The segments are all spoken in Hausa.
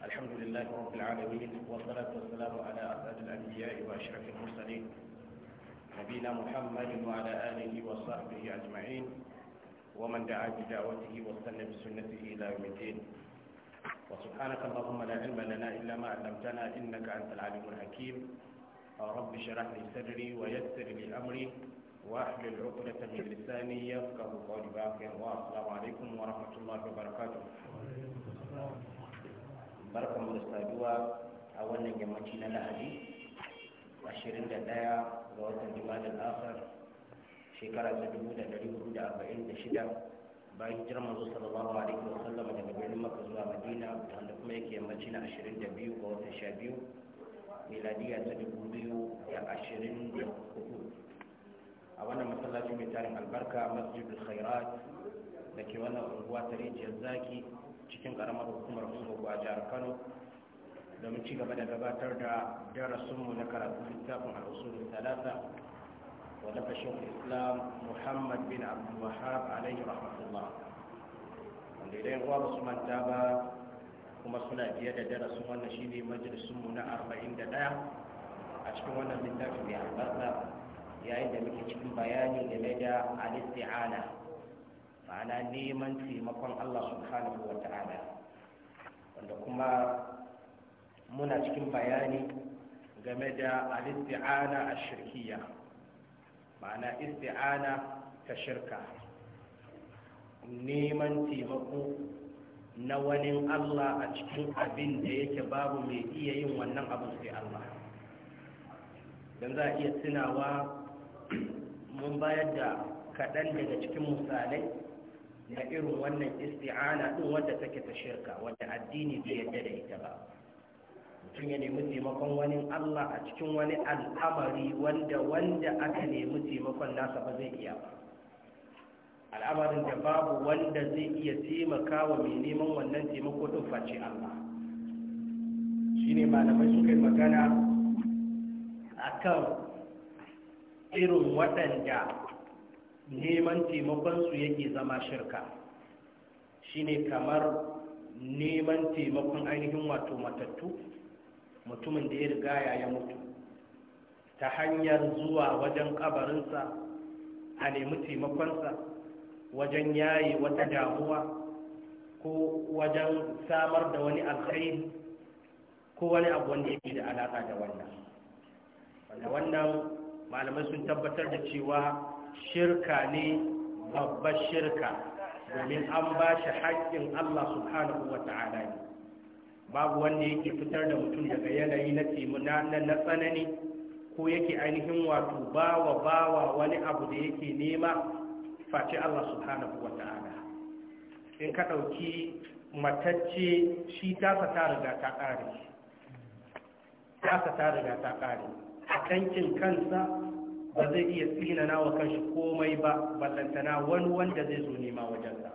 الحمد لله رب العالمين والصلاة والسلام على أسعد الأنبياء وأشرف المرسلين نبينا محمد وعلى آله وصحبه أجمعين ومن دعا بدعوته واستنى بسنته إلى يوم الدين وسبحانك اللهم لا علم لنا إلا ما علمتنا إنك أنت العليم الحكيم رب اشرح لي صدري ويسر لي أمري واحلل عقدة من لساني يفقه قولي باقي والسلام عليكم ورحمة الله وبركاته barkan da saduwa a wannan yammaci na lahadi 21 ga watan jimadar asar shekara ta 1446 bayan hijirar manzo sallallahu alaihi wa sallam daga birnin makka zuwa madina wanda kuma yake yammaci na 22 ga watan 12 miladiya ta 2024 a wannan masallaci mai tarin albarka masjidul khairat da ke wannan unguwa ta rijiyar zaki cikin karamar hukumar ungogo a jihar kano domin ci gaba da gabatar da darasinmu na karatun littafin al'usulun talata wallafa shekul islam muhammad bin abdulwahab alaihi rahmatullah wanda idan yawa ba su manta ba kuma suna biya da darasin wannan ne majalisunmu na arba'in da ɗaya a cikin wannan littafin mai albasa yayin da muke cikin bayani game da alisti'ana ma'ana neman taimakon Allah subhanahu wa ta'ala wanda kuma muna cikin bayani game da al-isti'ana ash-shirkiyya ma'ana isti'ana ta shirka neman taimako na wani Allah a cikin abin da yake babu mai iya yin wannan abu sai Allah don za a iya tunawa mun bayar da kaɗan daga cikin misalai na irin wannan isti'ana din wanda take ta shirka wanda addini bai yadda da ita ba mutum ya nemi taimakon wani Allah a cikin wani al'amari wanda wanda aka nemi taimakon nasa ba zai iya ba al'amarin da babu wanda zai iya taimaka wa mai neman wannan taimako din face Allah shine malamai suka yi magana akan irin waɗanda neman taimakonsu yake zama shirka shine kamar neman taimakon ainihin wato matattu mutumin da ya riga ya mutu ta hanyar zuwa wajen kabarinsa a nemi taimakonsa wajen yayi wata damuwa ko wajen samar da wani alkhairi ko wani abu wanda yake da alaƙa da wannan wannan malamai sun tabbatar da cewa shirka ne babbar shirka domin an ba shi haƙƙin Allah subhanahu wa ta'ala ne babu wanda yake fitar da mutum daga yanayi na timuna na tsanani ko yake ainihin wato bawa bawa wani abu da yake nema face Allah subhanahu wa ta'ala in ka ɗauki matacce shi tasa ta riga ta ƙare tasa ta riga ta ƙare a kankin kansa ba zai iya tsinana wa kanshi komai ba ballantana wani wanda zai zo nema wajensa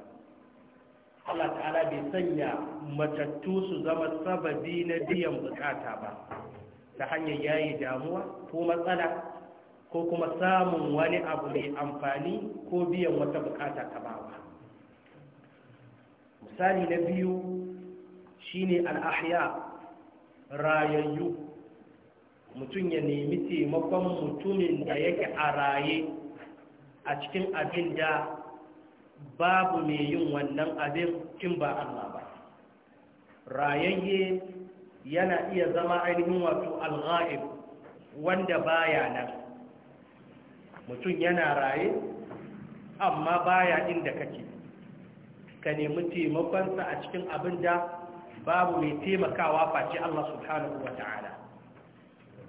Allah ta'ala bai sanya matattu su zama sababi na biyan bukata ba ta hanyar yayi damuwa ko matsala ko kuma samun wani abu mai amfani ko biyan wata bukata ta bawa misali na biyu shine al-ahya rayayyu mutum ya nemi taimakon mutumin da yake a raye a cikin abin da babu mai yin wannan abin in ba Allah ba rayayye yana iya zama ainihin wato alghaib wanda baya nan mutum yana raye amma baya inda kake ka nemi taimakonsa a cikin abin da babu mai taimakawa face Allah subhanahu wa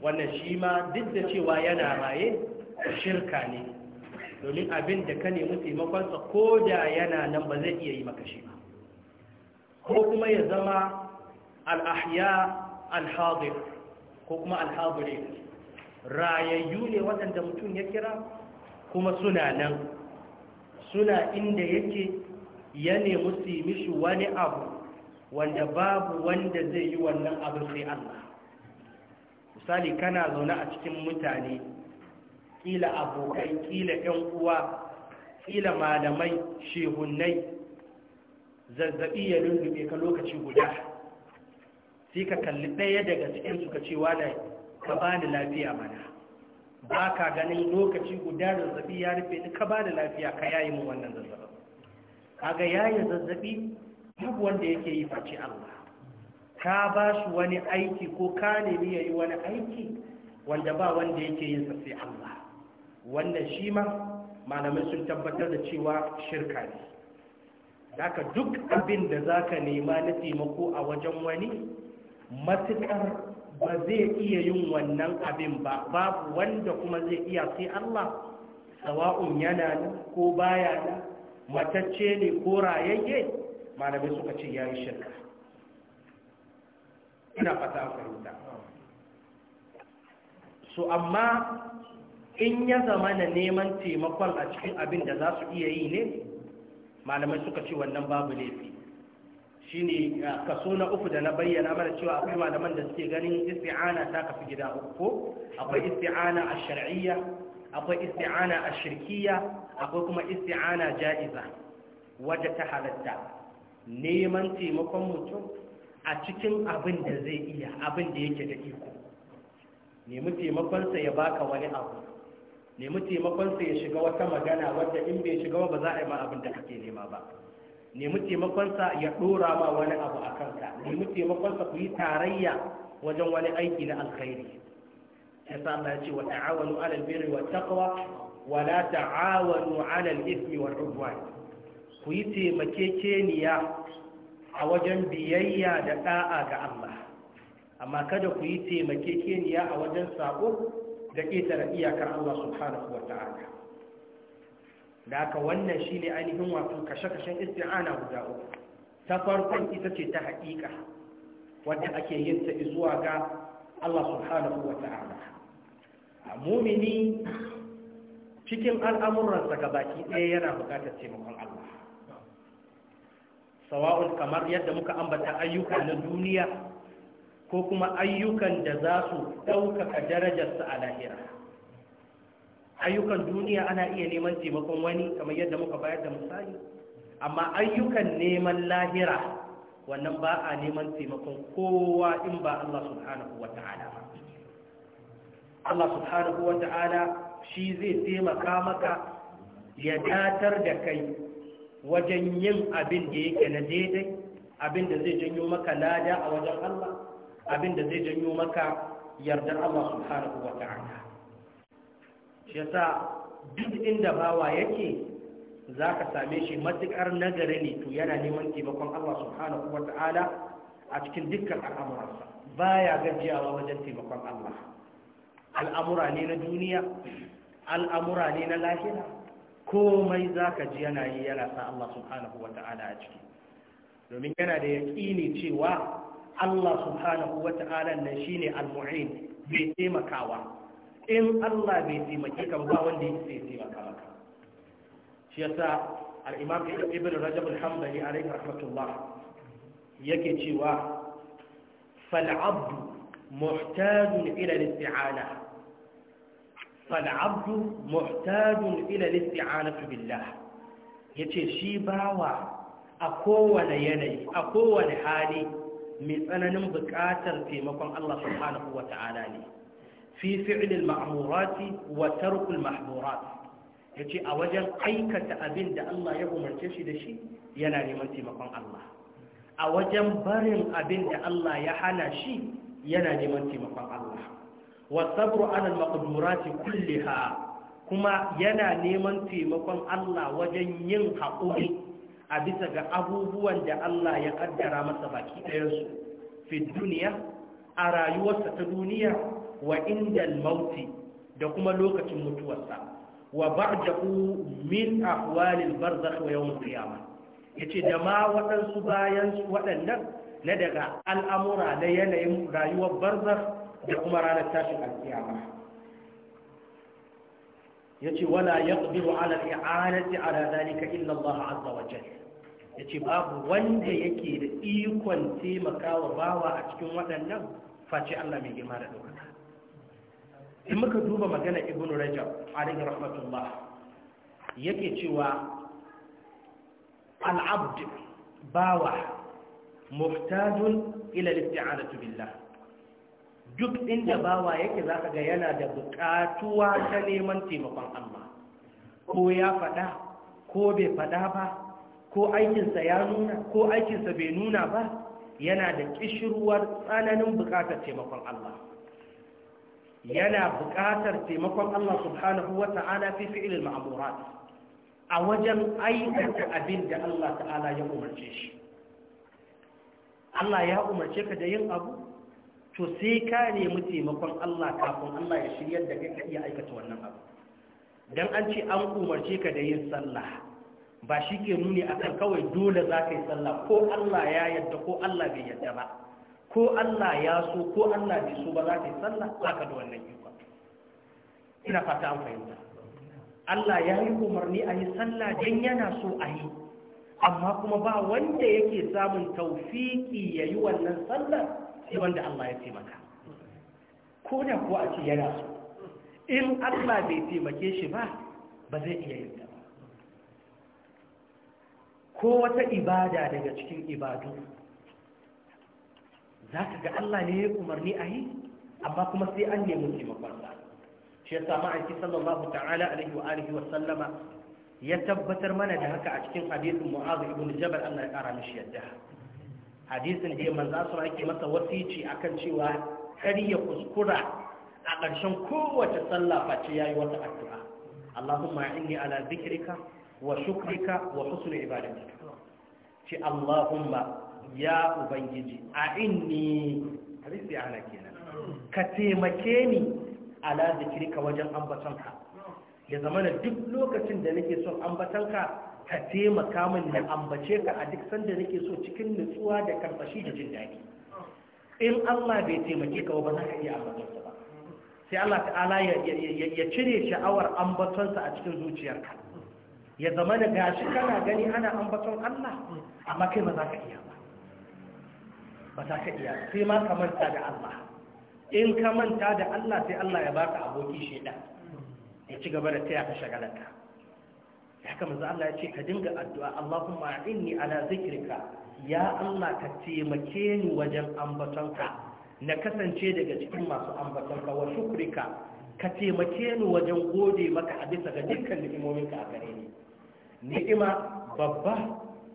wannan shi ma duk da cewa yana raye shirka ne domin abin da ka nemi taimakonsa ko da yana nan ba zai iya yi maka shi ba ko kuma ya zama al'ahya alhadir ko kuma alhadire rayayyu ne waɗanda mutum ya kira kuma suna nan suna inda yake ya nemi su yi mishi wani abu wanda babu wanda zai yi wannan abin sai Allah misali kana zaune a cikin mutane kila abokai kila yan uwa kila malamai shehunnai zazzabi ya lullube ka lokaci guda sai ka kalli ɗaya daga cikin suka ce na, ka ba ni lafiya mana ba ka ganin lokaci guda zazzabi ya rufe ni ka ba ni lafiya ka yayi mu wannan zazzabin kaga yayi zazzabi duk wanda yake yi face Allah ka ba shi wani aiki ko ka nemi ya yi wani aiki wanda ba wanda yake yin sa sai Allah wannan shi ma malamai sun tabbatar da cewa shirka ne daga duk abin da za ka nema na taimako a wajen wani matuƙar ba zai iya yin wannan abin ba babu wanda kuma zai iya sai Allah sawa'un yana ne ko baya ne matacce ne ko rayayye malamai suka ce yayi shirka ina fata a fahimta so amma in ya zama na neman taimakon a cikin abin da za su iya yi ne malamai suka ce wannan babu laifi shi ne kaso na uku da na bayyana mana cewa akwai malaman da suke ganin isti'ana ta kafi gida uku akwai isti'ana a shar'iyya akwai isti'ana a shirkiya akwai kuma isti'ana ja'iza wadda ta halatta neman taimakon mutum a cikin abin da zai iya abin da yake da iko nemi taimakonsa ya baka wani abu nemi taimakonsa ya shiga wata magana wadda in bai shiga ba za a yi ma abin da kake nema ba nemi taimakonsa ya dora ma wani abu a kanka nemi taimakonsa ku yi tarayya wajen wani aiki na alkhairi ya sa Allah ya ce wa ta'awanu 'alal birri wat taqwa wa la ta'awanu 'alal ithmi wal 'udwan ku yi taimakekeniya a wajen biyayya da ɗa'a ga Allah amma kada ku yi taimake keniya a wajen sako da ƙetare iyakar Allah subhanahu wa ta'ala da aka wannan shi ne ainihin wato kashe-kashen isti'ana guda uku ta farkon ita ce ta haƙiƙa wadda ake yin ta zuwa ga Allah subhanahu wa ta'ala a mumini cikin al'amuransa gabaki ɗaya yana buƙatar taimakon Allah sawa'un kamar yadda muka ambata ayyuka na duniya ko kuma ayyukan da za su ɗaukaka darajarsa a lahira ayyukan duniya ana iya neman taimakon wani kamar yadda muka bayar da misali amma ayyukan neman lahira wannan ba a neman taimakon kowa in ba Allah subhanahu wa ta'ala ba Allah subhanahu wa ta'ala shi zai taimaka maka ya datar da kai wajen yin abin da yake na daidai abin da zai janyo maka lada a wajen Allah abin da zai janyo maka yardar Allah subhanahu wa ta'ala shi yasa duk inda bawa yake zaka same shi matukar nagari ne to yana neman taimakon Allah subhanahu wa ta'ala a cikin dukkan al'amuransa baya gajiyawa wajen taimakon Allah al'amura ne na duniya al'amura ne na lahira komai za ka ji yana yi yana sa Allah subhanahu wa ta'ala a ciki domin yana da yaƙini cewa Allah subhanahu wa ta'ala na shi ne al-mu'in bai taimakawa in Allah bai taimake ka ba wanda ya sai taimaka maka shi yasa al-imam ibn rajab al-hanbali alayhi rahmatullah yake cewa fal abdu muhtajun ila al-isti'ana فالعبد محتاج إلى الاستعانة بالله yace shi bawa a kowane yanayi a kowane hali mai tsananin buƙatar taimakon Allah subhanahu wata'ala ne fi fi'lil ma'murati wa tarkul mahmurat yace a wajen aikata abin da Allah ya umarce shi da shi yana neman taimakon Allah a wajen barin abin da Allah ya hana shi yana neman taimakon Allah wasabru ala maqdurati kulliha kuma yana neman taimakon Allah wajen yin haƙuri a bisa ga abubuwan da Allah ya kaddara masa baki ɗayansu fi duniya a rayuwarsa ta duniya wa inda mauti da kuma lokacin mutuwarsa wa ba'dahu min ahwalil barzakh wa yawm qiyamah yace da ma waɗansu bayan waɗannan na daga al'amura na yanayin rayuwar barzakh da kuma ranar tashin alkiyama yace wala yaqdiru ala al-i'anati ala ka illa Allah azza wa ya yace babu wanda yake da ikon taimakawa bawa a cikin waɗannan face Allah mai girma da dokaka in muka duba magana ibnu rajab alayhi rahmatullah yake cewa al-abd bawa muhtajun ila al billah duk inda bawa yake za ka ga yana da bukatuwa ta neman taimakon Allah ko ya faɗa ko bai faɗa ba ko aikinsa ya nuna ko aikinsa bai nuna ba yana da ƙishirwar tsananin bukatar taimakon Allah yana bukatar taimakon Allah subhanahu wa ta'ala fi fi'ilil ma'amurat a wajen aikata abin da Allah ta'ala ya umarce shi Allah ya umarce ka da yin abu to sai ka nemi taimakon Allah kafin Allah ya shiryar da kai ka iya aikata wannan abu dan an ce an umarce ka da yin sallah ba shi ke nuni akan kawai dole za ka yi sallah ko Allah ya yadda ko Allah bai yadda ba ko Allah ya so ko Allah bai so ba za ka yi sallah za ka da wannan ikon ina fata an fahimta Allah ya yi umarni a yi sallah don yana so a yi amma kuma ba wanda yake samun taufiki ya yi wannan sallah? sai wanda Allah ya taimaka ko ne kuwa a ce yana so in Allah bai taimake shi ba ba zai iya yin ba ko wata ibada daga cikin ibadu za ka ga Allah ne ya umarni a yi amma kuma sai an nemi taimakonsa shi ya samu aiki sallallahu ta'ala alaihi wa sallama ya tabbatar mana da haka a cikin hadisin mu'azu ibn jabal Allah ya kara mishi yadda hadisin da ya manza su ake masa wasici akan cewa karya ya kuskura a ƙarshen kowace sallah face yayi wata addu'a Allahumma inni ala zikrika wa shukrika wa husni ibadatika Ci Allahumma ya ubangiji a inni hadisi ana kenan ka taimake ni ala zikirka wajen ambatanka ya zama da duk lokacin da nake son ambatanka ka taimaka min na ambace ka a duk sanda nake so cikin nutsuwa da karfashi da jin daɗi in Allah bai taimake ka ba za ka iya ambatonsa ba sai Allah ta'ala ya cire sha'awar ambatonsa a cikin zuciyarka ya zama da gashi kana gani ana ambaton Allah amma kai ba za ka iya ba ba za ka iya sai ma ka manta da Allah in ka manta da Allah sai Allah ya baka aboki shaidan ya ci gaba da taya ka shagalanta haka manzo Allah ya ce ka dinga addu'a Allahumma inni ala zikrika ya Allah ka taimake ni wajen ambatonka na kasance daga cikin masu ambatonka wa shukrika ka taimake ni wajen gode maka a bisa ga dukkan ni'imominka a gare ni ni'ima babba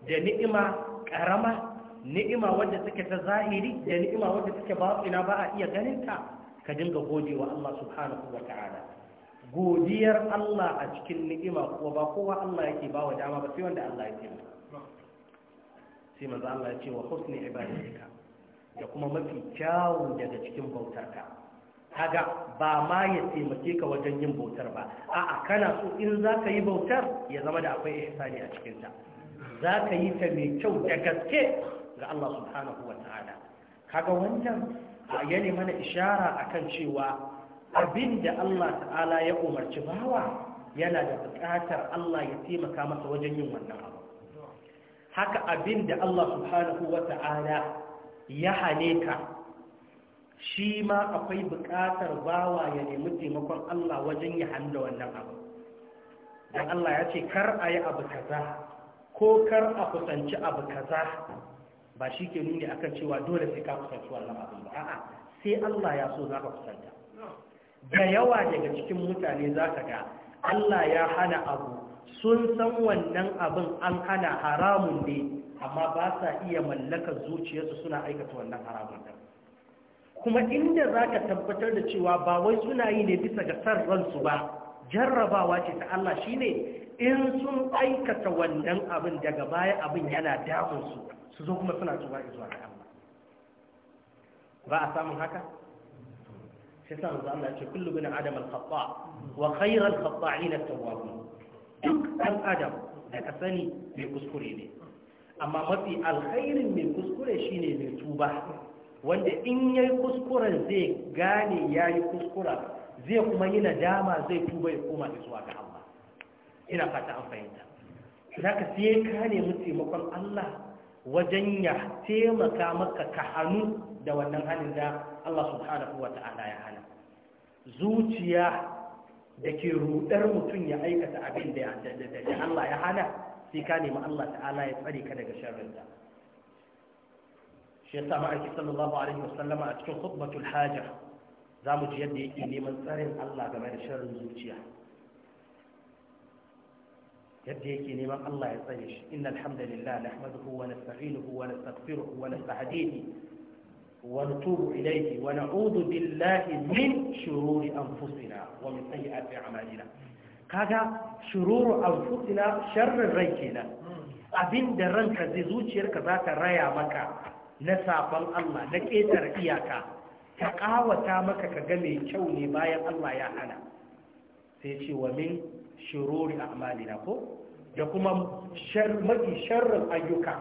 da ni'ima karama ni'ima wanda take ta zahiri da ni'ima wanda take ina ba a iya ganin ka dinga gode wa Allah subhanahu wa ta'ala godiyar Allah a cikin ni'ima kuwa ba kowa Allah yake ba wa dama ba sai wanda Allah ya taimaka sai manzo Allah ya ce wa husni ibadatika da kuma mafi kyawu daga cikin bautarka kaga ba ma ya taimake ka wajen yin bautar ba a'a kana so in zaka yi bautar ya zama da akwai ihsani a cikin ta zaka yi ta mai kyau da gaske ga Allah subhanahu wataala kaga wannan ya ne mana ishara akan cewa abin da Allah ta'ala ya umarci bawa yana da buƙatar Allah ya taimaka masa wajen yin wannan abu haka abin da Allah subhanahu wa ta'ala ya hane ka shi ma akwai buƙatar bawa ya nemi taimakon Allah wajen ya hannu wannan abu don Allah ya ce kar a yi abu kaza ko kar a kusanci abu kaza ba shi ke nuni akan cewa dole sai ka kusanci wannan abu ba a'a sai Allah ya so za ka da yawa daga cikin mutane za ka ga Allah ya hana abu sun san wannan abin an hana haramun ne amma ba sa iya mallakar zuciyarsu suna aikata wannan haramun kuma inda za ka tabbatar da cewa ba wai suna yi ne bisa ga san ransu ba jarrabawa ce ta Allah shi ne in sun aikata wannan abin daga baya abin yana damunsu su zo kuma suna tuba zuwa ga Allah ba a samun haka shi sa manzo Allah ce kullu bin adam al-khata wa khayra al-khata'ina at-tawwabun duk dan adam da ka sani mai kuskure ne amma mafi alkhairin mai kuskure shine mai tuba wanda in yayi kuskuren zai gane yayi kuskura zai kuma yi nadama zai tuba ya koma zuwa ga Allah ina fata an fahimta zaka sai ka nemi taimakon Allah wajen ya taimaka maka ka hannu da wannan hannun da Allah subhanahu wa ta'ala ya hana zuciya da ke rudar mutum ya aikata abin da Allah ya hana sai ka nemi Allah ta'ala ya tsare ka daga sharrinta shi yasa ma'aiki sallallahu alaihi wasallama a cikin khutbatul hajar za mu ji yadda yake neman tsarin Allah game da sharrin zuciya yadda yake neman Allah ya tsare shi inna alhamdulillah nahmaduhu wa nasta'inuhu wa nastaghfiruhu wa nasta'dihi wa natubu ilayhi wa na'udhu billahi min shururi anfusina wa min sayyiati a'malina kaga shururu anfusina sharrin rai kenan abinda ranka zai zuciyarka zaka raya maka na safan Allah na ƙetar iyaka ka ƙawata maka ka ga mai kyau ne bayan Allah ya hana sai ce wa min shururi a'malina ko da kuma mafi sharrin ayyuka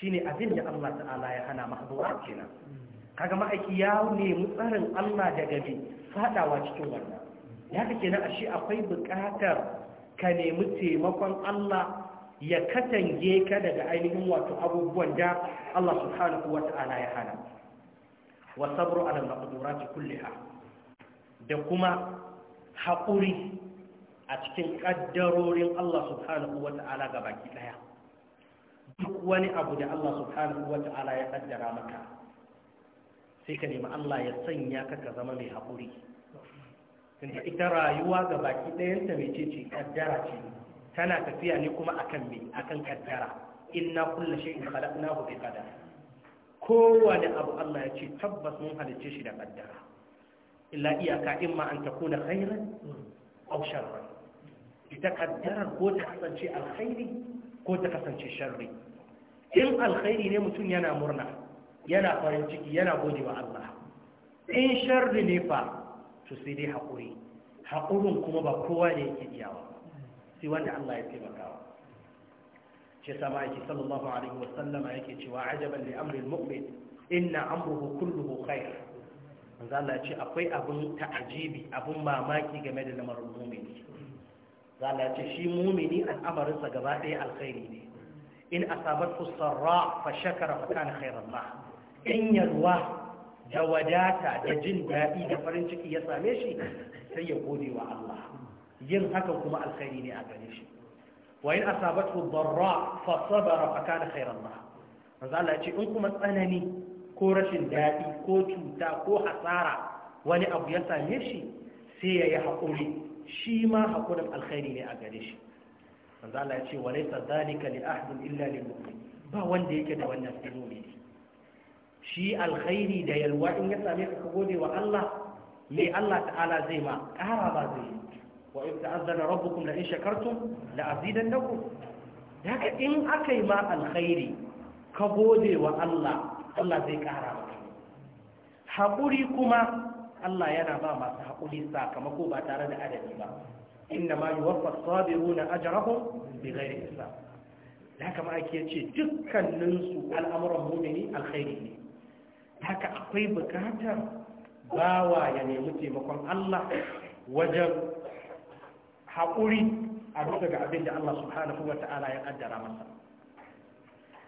shine abin da Allah ta'ala ya hana mahzura kenan kaga ma'aiki ya nemi tsarin Allah da gabi fadawa cikin wannan ya ka kenan ashe akwai bukatar ka nemi taimakon Allah ya katange ka daga ainihin wato abubuwan da Allah hana kuwa ta'ala ya hana wa sabru ala kulle kulliha da kuma haƙuri a cikin ƙaddarorin Allah subhanahu wa ta'ala ga baki ɗaya duk wani abu da Allah subhanahu wa ta'ala ya ƙaddara maka sai ka nemi Allah ya sanya ka ka zama mai haƙuri tunda ita rayuwa ga baki ɗayanta mai ce ce ƙaddara ce tana tafiya ne kuma akan me akan ƙaddara inna kulla shay'in khalaqnahu bi qadar kowane abu Allah ya ce tabbas mun halicce shi da ƙaddara illa iyaka in ma an takuna khairan aw sharran ita kaddarar ko ta kasance alkhairi ko ta kasance sharri in alkhairi ne mutum yana murna yana farin ciki yana gode wa Allah in sharri ne fa to sai dai haƙuri haƙurin kuma ba kowa ne yake iyawa sai wanda Allah ya wa. shi sama ma'aiki sallallahu alaihi wasallama yake cewa ajaban li amril mu'min inna amruhu kulluhu khair manzo Allah ya ce akwai abun ta'ajibi abun mamaki game da lamarin mu'mini zala ce shi mumini al'amarinsa gaba ɗaya alkhairi ne in asabar fusarra fa shakara fa kana khairan ma in yalwa da wadata da jin daɗi da farin ciki ya same shi sai ya gode wa Allah yin hakan kuma alkhairi ne a gare shi wa in asabatu darra fa sabara fa kana khairan ma ce in kuma tsanani ko rashin daɗi ko cuta ko hasara wani abu ya same shi sai ya yi haƙuri shi ma haƙurin alkhairi ne a gare shi manzo Allah ya ce wa laysa dhalika li ahadin illa lil mu'min ba wanda yake da wannan ilimi shi alkhairi da yalwa in ya same ka ka gode wa Allah me Allah ta'ala zai ma ƙara ba zai wa in ta'azzana rabbukum la in shakartum la azidannakum haka in aka ma alkhairi ka gode wa Allah Allah zai ƙara ba haƙuri kuma Allah yana ba masu haƙuri sakamako ba tare da adadi ba inna ma yuwaffa sabiruna ajrahum bighairi hisab haka ma ake ce dukkanin su al'amuran mu'mini alkhairi ne haka akwai bukatar bawa ya nemi taimakon Allah wajen haƙuri a bisa ga abin da Allah subhanahu wa ta'ala ya kaddara masa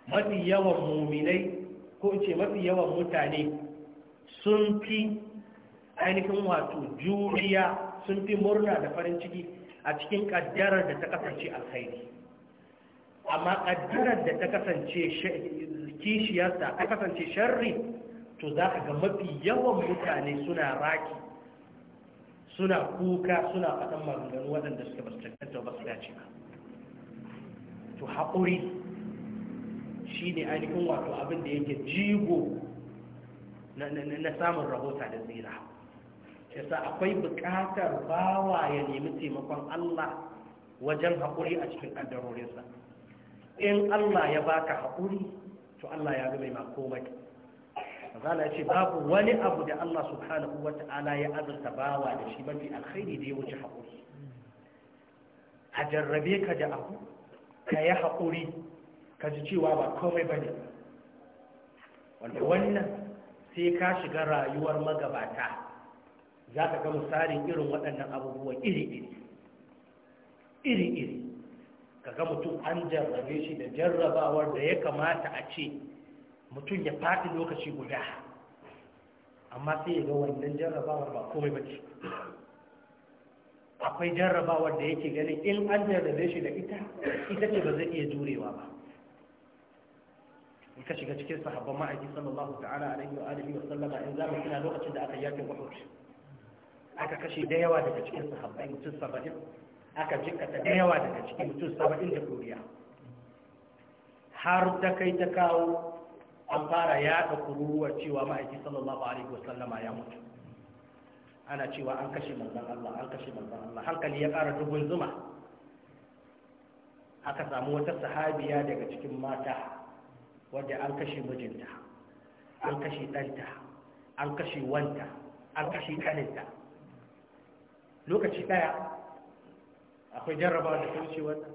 mafi yawan muminai ko ce mafi yawan mutane sun fi ainihin wato juriya sun fi murna da farin ciki a cikin ƙaddarar da ta kasance alkhairi amma ƙaddarar da ta kasance kishiyarsa ta kasance sharri to za ka ga mafi yawan mutane suna raki suna kuka suna faɗan maganganu waɗanda suka basu cancanta ba su dace ba to haƙuri shi ne ainihin wato abin da yake jigo na samun rahota da tsira yasa akwai buƙatar bawa ya nemi taimakon Allah wajen haƙuri a cikin ƙaddarorinsa in Allah ya baka haƙuri to Allah ya gama ma komai ya ce babu wani abu da Allah subhanahu ya azurta bawa da shi mafi alkhairi da ya wuce haƙuri a jarrabe ka da abu ka yi haƙuri ka ji cewa ba komai ba ne wanda wannan sai ka shiga rayuwar magabata za ka ga misalin irin waɗannan abubuwan iri-iri iri-iri ka ga mutum an jarrabe shi da jarrabawar da ya kamata a ce mutum ya faɗi lokaci guda amma sai ya ga wannan jarrabawar ba komai ba ce akwai jarrabawar da yake ganin in an jarrabe shi da ita ita ce ba zai iya jurewa ba in ka shiga cikin sahabban ma'aiki sallallahu ta'ala a wa alihi wasallama in in mu kina lokacin da aka yakin wahoci aka kashe da yawa daga cikin sahabbai mutum saba'in aka jikata da yawa daga cikin mutum saba'in da ɗoriya har ta kai ta kawo an fara yaɗa kururuwar cewa ma'aiki sallallahu alaihi wasallama ya mutu ana cewa an kashe manzan Allah an kashe manzan Allah hankali ya ƙara dubun zuma aka samu wata sahabiya daga cikin mata wadda an kashe mijinta an kashe ɗanta an kashe wanta an kashe ƙaninta. lokaci ɗaya akwai jarrabawa da ta wannan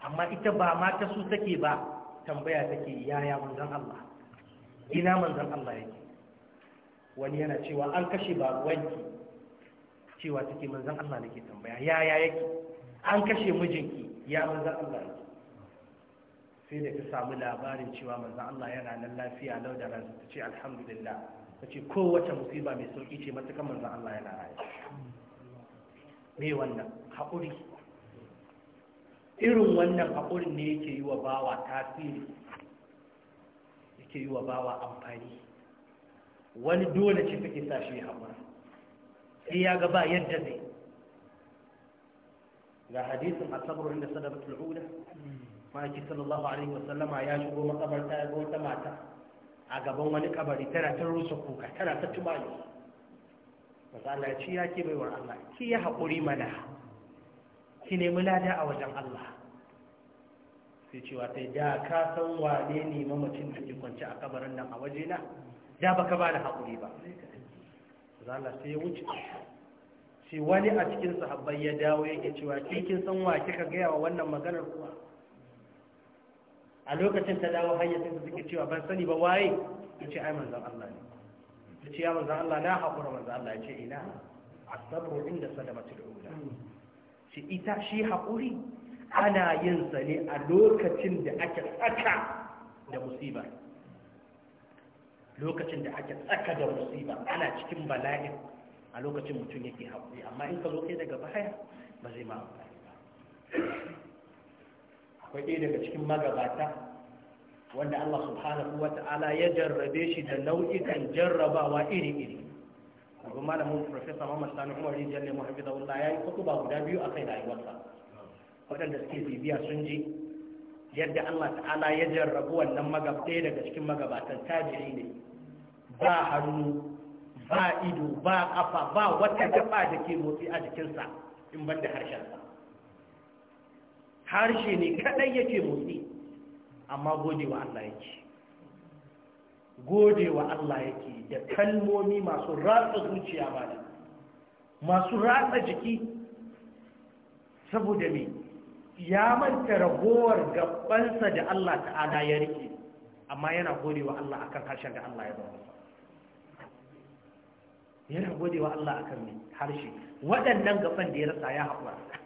amma ita ba ma ta su take ba tambaya take yaya manzon Allah ina manzon Allah yake wani yana cewa an kashe wanki cewa take manzon Allah nake tambaya yaya yake an kashe mijinki ya manzon Allah yake sai da ta samu labarin cewa manzon Allah yana nan lafiya lau da ransa ta ce alhamdulillah ta ce kowace musiba mai sauƙi ce matukan manzan Allah yana raye me wannan haƙuri irin wannan haƙurin ne yake yi wa bawa tasiri yake yi wa bawa amfani wani dole ce take sa shi haƙura sai ya ga ba yadda zai ga hadisin asabar inda sadaqatul ula ma'aiki sallallahu alaihi wasallama ya shigo makabarta ya ga wata mata a gaban wani kabari tana ta rusa kuka tana ta tumani masu Allah ci ya ke baiwar Allah ki ya haƙuri mana ki nemi lada a wajen Allah sai cewa sai da ka san wane ne mamacin da ke kwanci a kabarin nan a waje na da baka ba da haƙuri ba masu Allah sai ya wuce sai wani a cikin sahabbai ya dawo yake cewa kin san wa kika gaya wa wannan maganar kuwa a lokacin ta dawo hayyacin da suke cewa ban sani ba waye ta ce ai manzan Allah ne ta ce ya manzan Allah na haƙura manzan Allah ya ce ina asabar inda da ula shi ita shi haƙuri ana yin sa a lokacin da ake tsaka da musibar. lokacin da ake tsaka da musibar ana cikin bala'i a lokacin mutum yake haƙuri amma in ka zo kai daga baya ba zai ma ba akwai ɗaya daga cikin magabata wanda Allah subhanahu wa ta'ala ya jarrabe shi da nau'ikan jarrabawa iri-iri Gobe malamin profesa Muhammad Sani Umar Rijiyar Lemu Hafizahullah ya yi kutuba guda biyu a kai rayuwarsa waɗanda suke bibiya sun ji yadda Allah ta'ala ya jarrabu wannan magab ɗaya daga cikin magabatan tajiri ne ba hannu ba ido ba kafa ba wata gaba da ke motsi a jikinsa in ban da harshensa harshe ne kaɗai yake motsi amma gode wa Allah yake gode wa Allah yake da kalmomi masu ratsa zuciya ba da masu ratsa jiki saboda me ya manta ragowar gabansa da Allah ta'ala ya rike amma yana gode wa Allah akan harshen da Allah ya ba yana gode wa Allah akan harshe waɗannan gaban da ya rasa ya haƙura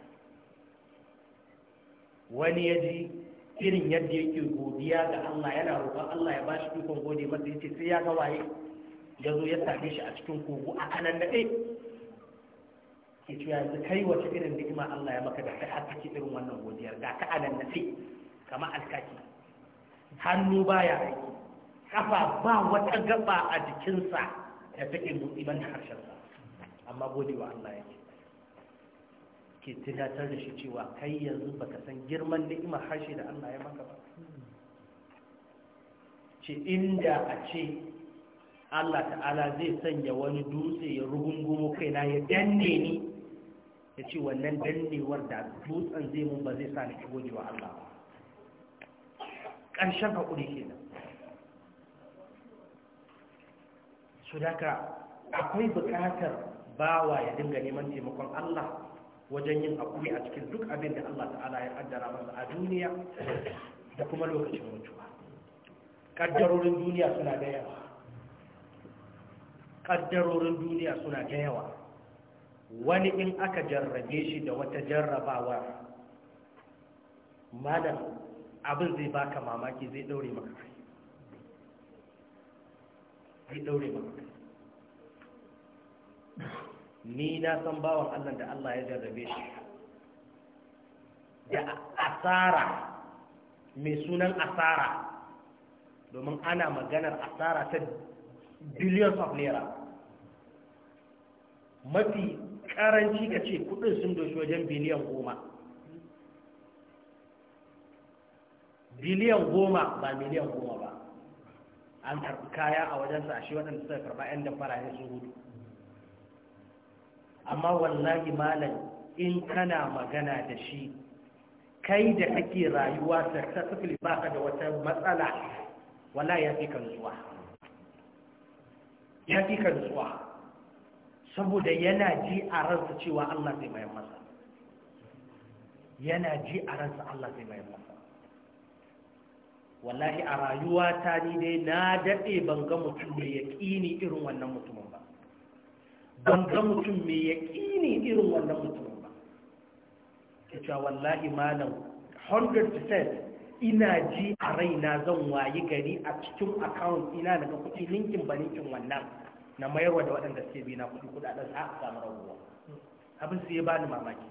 wani ya ji irin yadda yake godiya ga Allah yana roƙon Allah ya bashi ikon gode masa yace sai ya ga waye ya zo ya same shi a cikin kogo a kanan da ɗai ke cewa yanzu kai wace irin ni'ima Allah ya maka da kai har kake irin wannan godiyar ga ka anan da ɗai kamar alkaki hannu baya aiki kafa ba wata gaba a jikinsa da take mutsi ban harshensa amma gode wa Allah yake ke tunatar da shi cewa kai yanzu ba ka san girman ni'imar harshe da Allah ya maka ba ce inda a ce Allah ta'ala zai sanya wani dutse ya rugungumo kaina ya danne ni ya ce wannan dannewar da dutsen zai mun ba zai sa ni ki goge Allah ba ƙarshen haƙuri kenan su daga akwai bukatar bawa ya dinga neman taimakon Allah wajen yin akuri a cikin duk abin da Allah ta'ala ya kaddara masa a duniya da kuma lokacin mutuwa kaddarorin duniya suna da yawa kaddarorin duniya suna da yawa wani in aka jarrabe shi da wata jarrabawa malam abin zai baka mamaki zai daure maka zai daure maka ni na san bawan Allah da Allah ya jarrabe shi da asara mai sunan asara domin ana maganar asara ta billions of naira mafi karanci ka ce kudin sun doshi wajen biliyan goma biliyan goma ba miliyan goma ba an karbi kaya a wajen a waɗanda suka karɓa 'yan damfara ne sun hudu amma wallahi malam in kana magana da shi kai da kake rayuwa ba baka da wata matsala wallahi ya fi kan zuwa ya fi kan zuwa saboda yana ji a ransa cewa Allah zai mayan masa yana ji a ransa Allah zai mayan masa wallahi a rayuwa ta ni dai na daɗe ban ga mutum da ya ƙini irin wannan mutumin don ga mutum mai ƙini irin wannan mutumin ba ta cewa wallahi malam 100% ina ji a raina zan wayi gari a cikin account ina daga kuɗi ninkin ba ninkin wannan na mayarwa da waɗanda suke bi na kuɗi kuɗaɗen sa a samu rabuwa abin su ya ba ni mamaki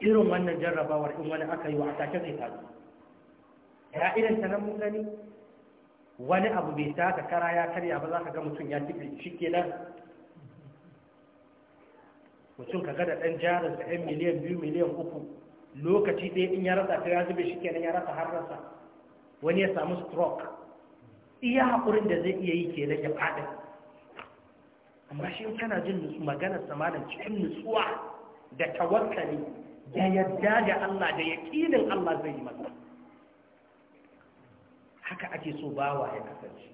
irin wannan jarrabawar in wani aka yi wa a take zai tazo ya irin ta nan mun gani wani abu bai ta taka kara ya karya ba za ka ga mutum ya tibi shi kenan mutum ka gada ɗan jarinsa ɗan miliyan biyu miliyan uku lokaci ɗaya in ya rasa ta ya zube shi kenan ya rasa har rasa wani ya samu stroke iya haƙurin da zai iya yi kenan ya faɗi amma shi kana jin maganar samanin cikin nutsuwa da tawakkali da yadda da Allah da yaƙinin Allah zai yi masa haka ake so bawa ya kasance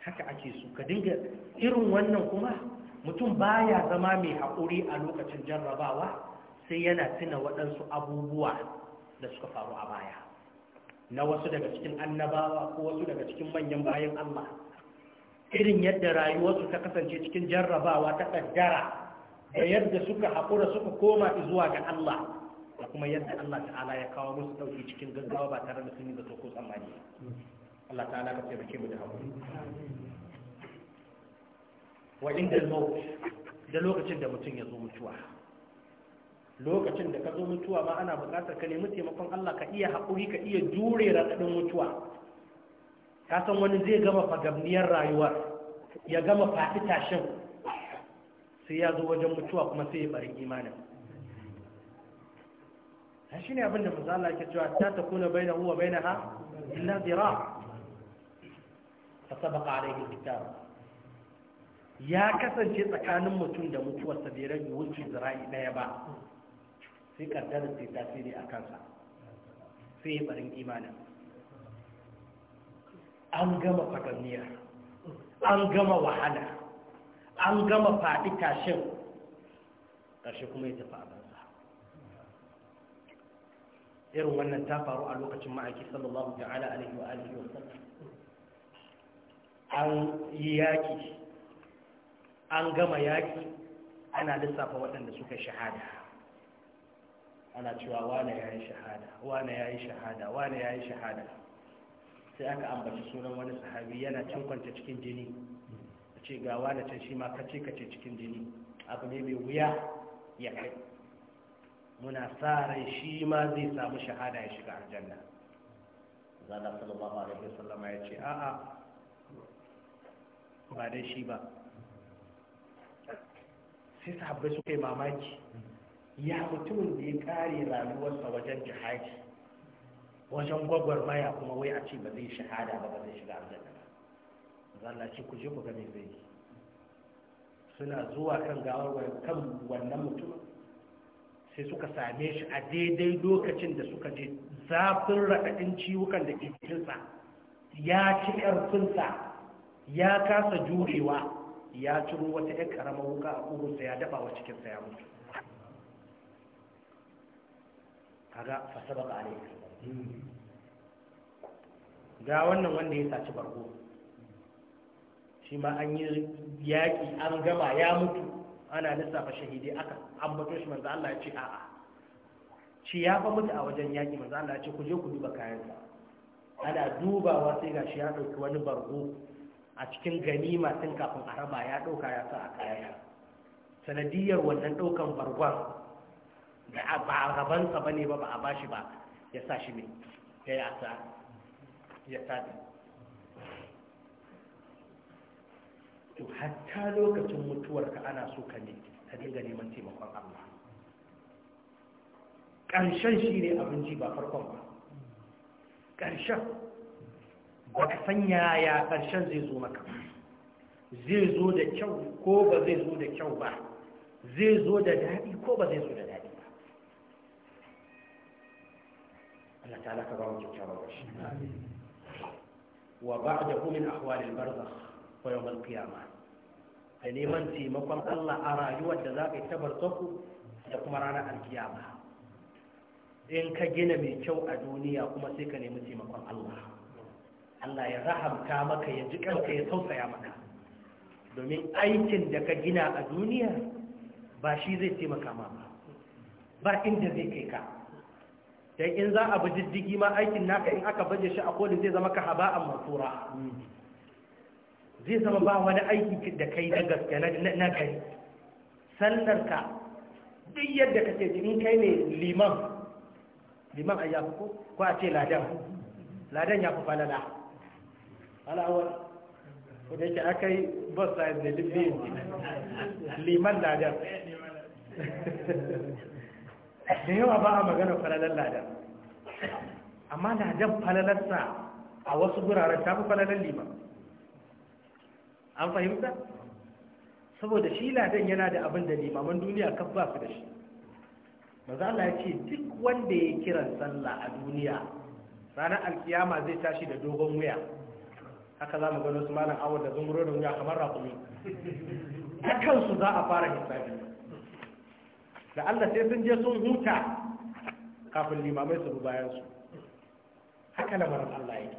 haka ake so ka dinga irin wannan kuma mutum baya zama mai haƙuri a lokacin jarrabawa sai yana tuna waɗansu abubuwa da suka faru a baya na wasu daga cikin annabawa ko wasu daga cikin manyan bayan Allah irin yadda rayuwarsu ta kasance cikin jarrabawa ta ƙaddara da yadda suka haƙura suka koma zuwa ga Allah kuma yadda Allah ta'ala ya kawo musu dauki cikin gaggawa ba tare da sun yi da ko tsammani Allah ta'ala ka taimake mu da hakuri wa inda al-maut da lokacin da mutum ya zo mutuwa lokacin da ka zo mutuwa ma ana buƙatar ka nemi taimakon Allah ka iya haƙuri ka iya jure raɗaɗin mutuwa ka san wani zai gama fagabniyar rayuwa ya gama faɗi sai ya zo wajen mutuwa kuma sai ya bari imanin shi ne abinda misali ake cewa ta ta kuna bai na huwa bai na ha illa zira ta saba a rai kitab ya kasance tsakanin mutum da mutuwar bai rage wuce zira'i ɗaya ba sai kaddarar sai tasiri a kansa sai barin imanin an gama fagamniya an gama wahala an gama faɗi tashin ƙarshe kuma ya tafi abin irin wannan ta faru a lokacin ma'aiki sallallahu ta'ala alaihi wa alihi wa sallam an yi yaki an gama yaki ana lissafa waɗanda suka shahada ana cewa wane ya yi shahada wane ya yi shahada wane ya yi shahada sai aka ambaci sunan wani sahabi yana cin kwanta cikin jini a ce ga wane can shi ma kace kace cikin jini abu ne mai wuya ya kai muna sa ran shi ma zai samu shahada ya shiga aljanna zala sallallahu alaihi wasallam ya ce a'a ba dai shi ba sai sahabbai suka yi mamaki ya mutumin da ya kare rayuwarsa wajen jihadi wajen gwagwarmaya kuma wai a ce ba zai shahada ba ba zai shiga aljanna zalla ce ku je ku ga me zai suna zuwa kan gawar kan wannan mutumin sai suka same shi a daidai lokacin da suka je zafin raɗaɗin ciwukan da ke cikinsa ya ci ƙarfinsa ya kasa jurewa ya ciro wata ɗan ƙaramar wuka a ƙugunsa ya daɓa wa cikinsa ya mutu kaga fasaba ba ga wannan wanda ya saci bargo shi ma an yi yaƙi an gama ya mutu ana lissafa shahidai aka ambato shi manzo Allah ya ce a'a shi ya fa mutu a wajen yaki manzo Allah ya ce ku je ku duba kayansa ana dubawa sai gashi ya dauki wani bargo a cikin ganima tun kafin a raba ya dauka ya sa a kayansa sanadiyar wannan daukan bargon da ba a gabansa bane ba ba a bashi ba ya sa shi ne ya yi asa ya to hatta lokacin mutuwarka ana so ka ne ka dinga neman taimakon Allah ƙarshen shi ne abinci ba farkon ba ƙarshen ba ka san yaya ƙarshen zai zo maka zai zo da kyau ko ba zai zo da kyau ba zai zo da daɗi ko ba zai zo da daɗi ba Allah ta alaka ba mu kyakkyawar shi wa ba da kumin ahwalin barzakh wa man kiyama da neman taimakon Allah a rayuwar da za ka yi tabar da kuma ranar alkiyama in ka gina mai kyau a duniya kuma sai ka nemi taimakon Allah Allah ya rahamta maka ya ji kanka ya tausaya maka domin aikin da ka gina a duniya ba shi zai taimaka ma ba ba inda zai kai ka dan in za a bi diddigi ma aikin naka in aka baje shi a kolin zai zama ka haba'an masura zai zama ba wani aiki da kai na gaske na gari sannan ka duk yadda ka ce in kai ne liman liman a yafi ko ko a ce ladan ladan ya fi falala alawar da yake aka yi bus size da libyan liman ladan da yawa ba a magana falalar ladan amma ladan falalarsa a wasu guraren ta fi falalar liman an fahimta saboda shi ladan yana da abin da limaman duniya kan ba su da shi maza Allah ya ce duk wanda ya kiran sallah a duniya ranar alkiyama zai tashi da dogon wuya haka za mu gano su malam awon da da wuya kamar rakumi hakan kansu za a fara hisabi da Allah sai sun je sun huta kafin limamai su bayan su haka lamarin Allah yake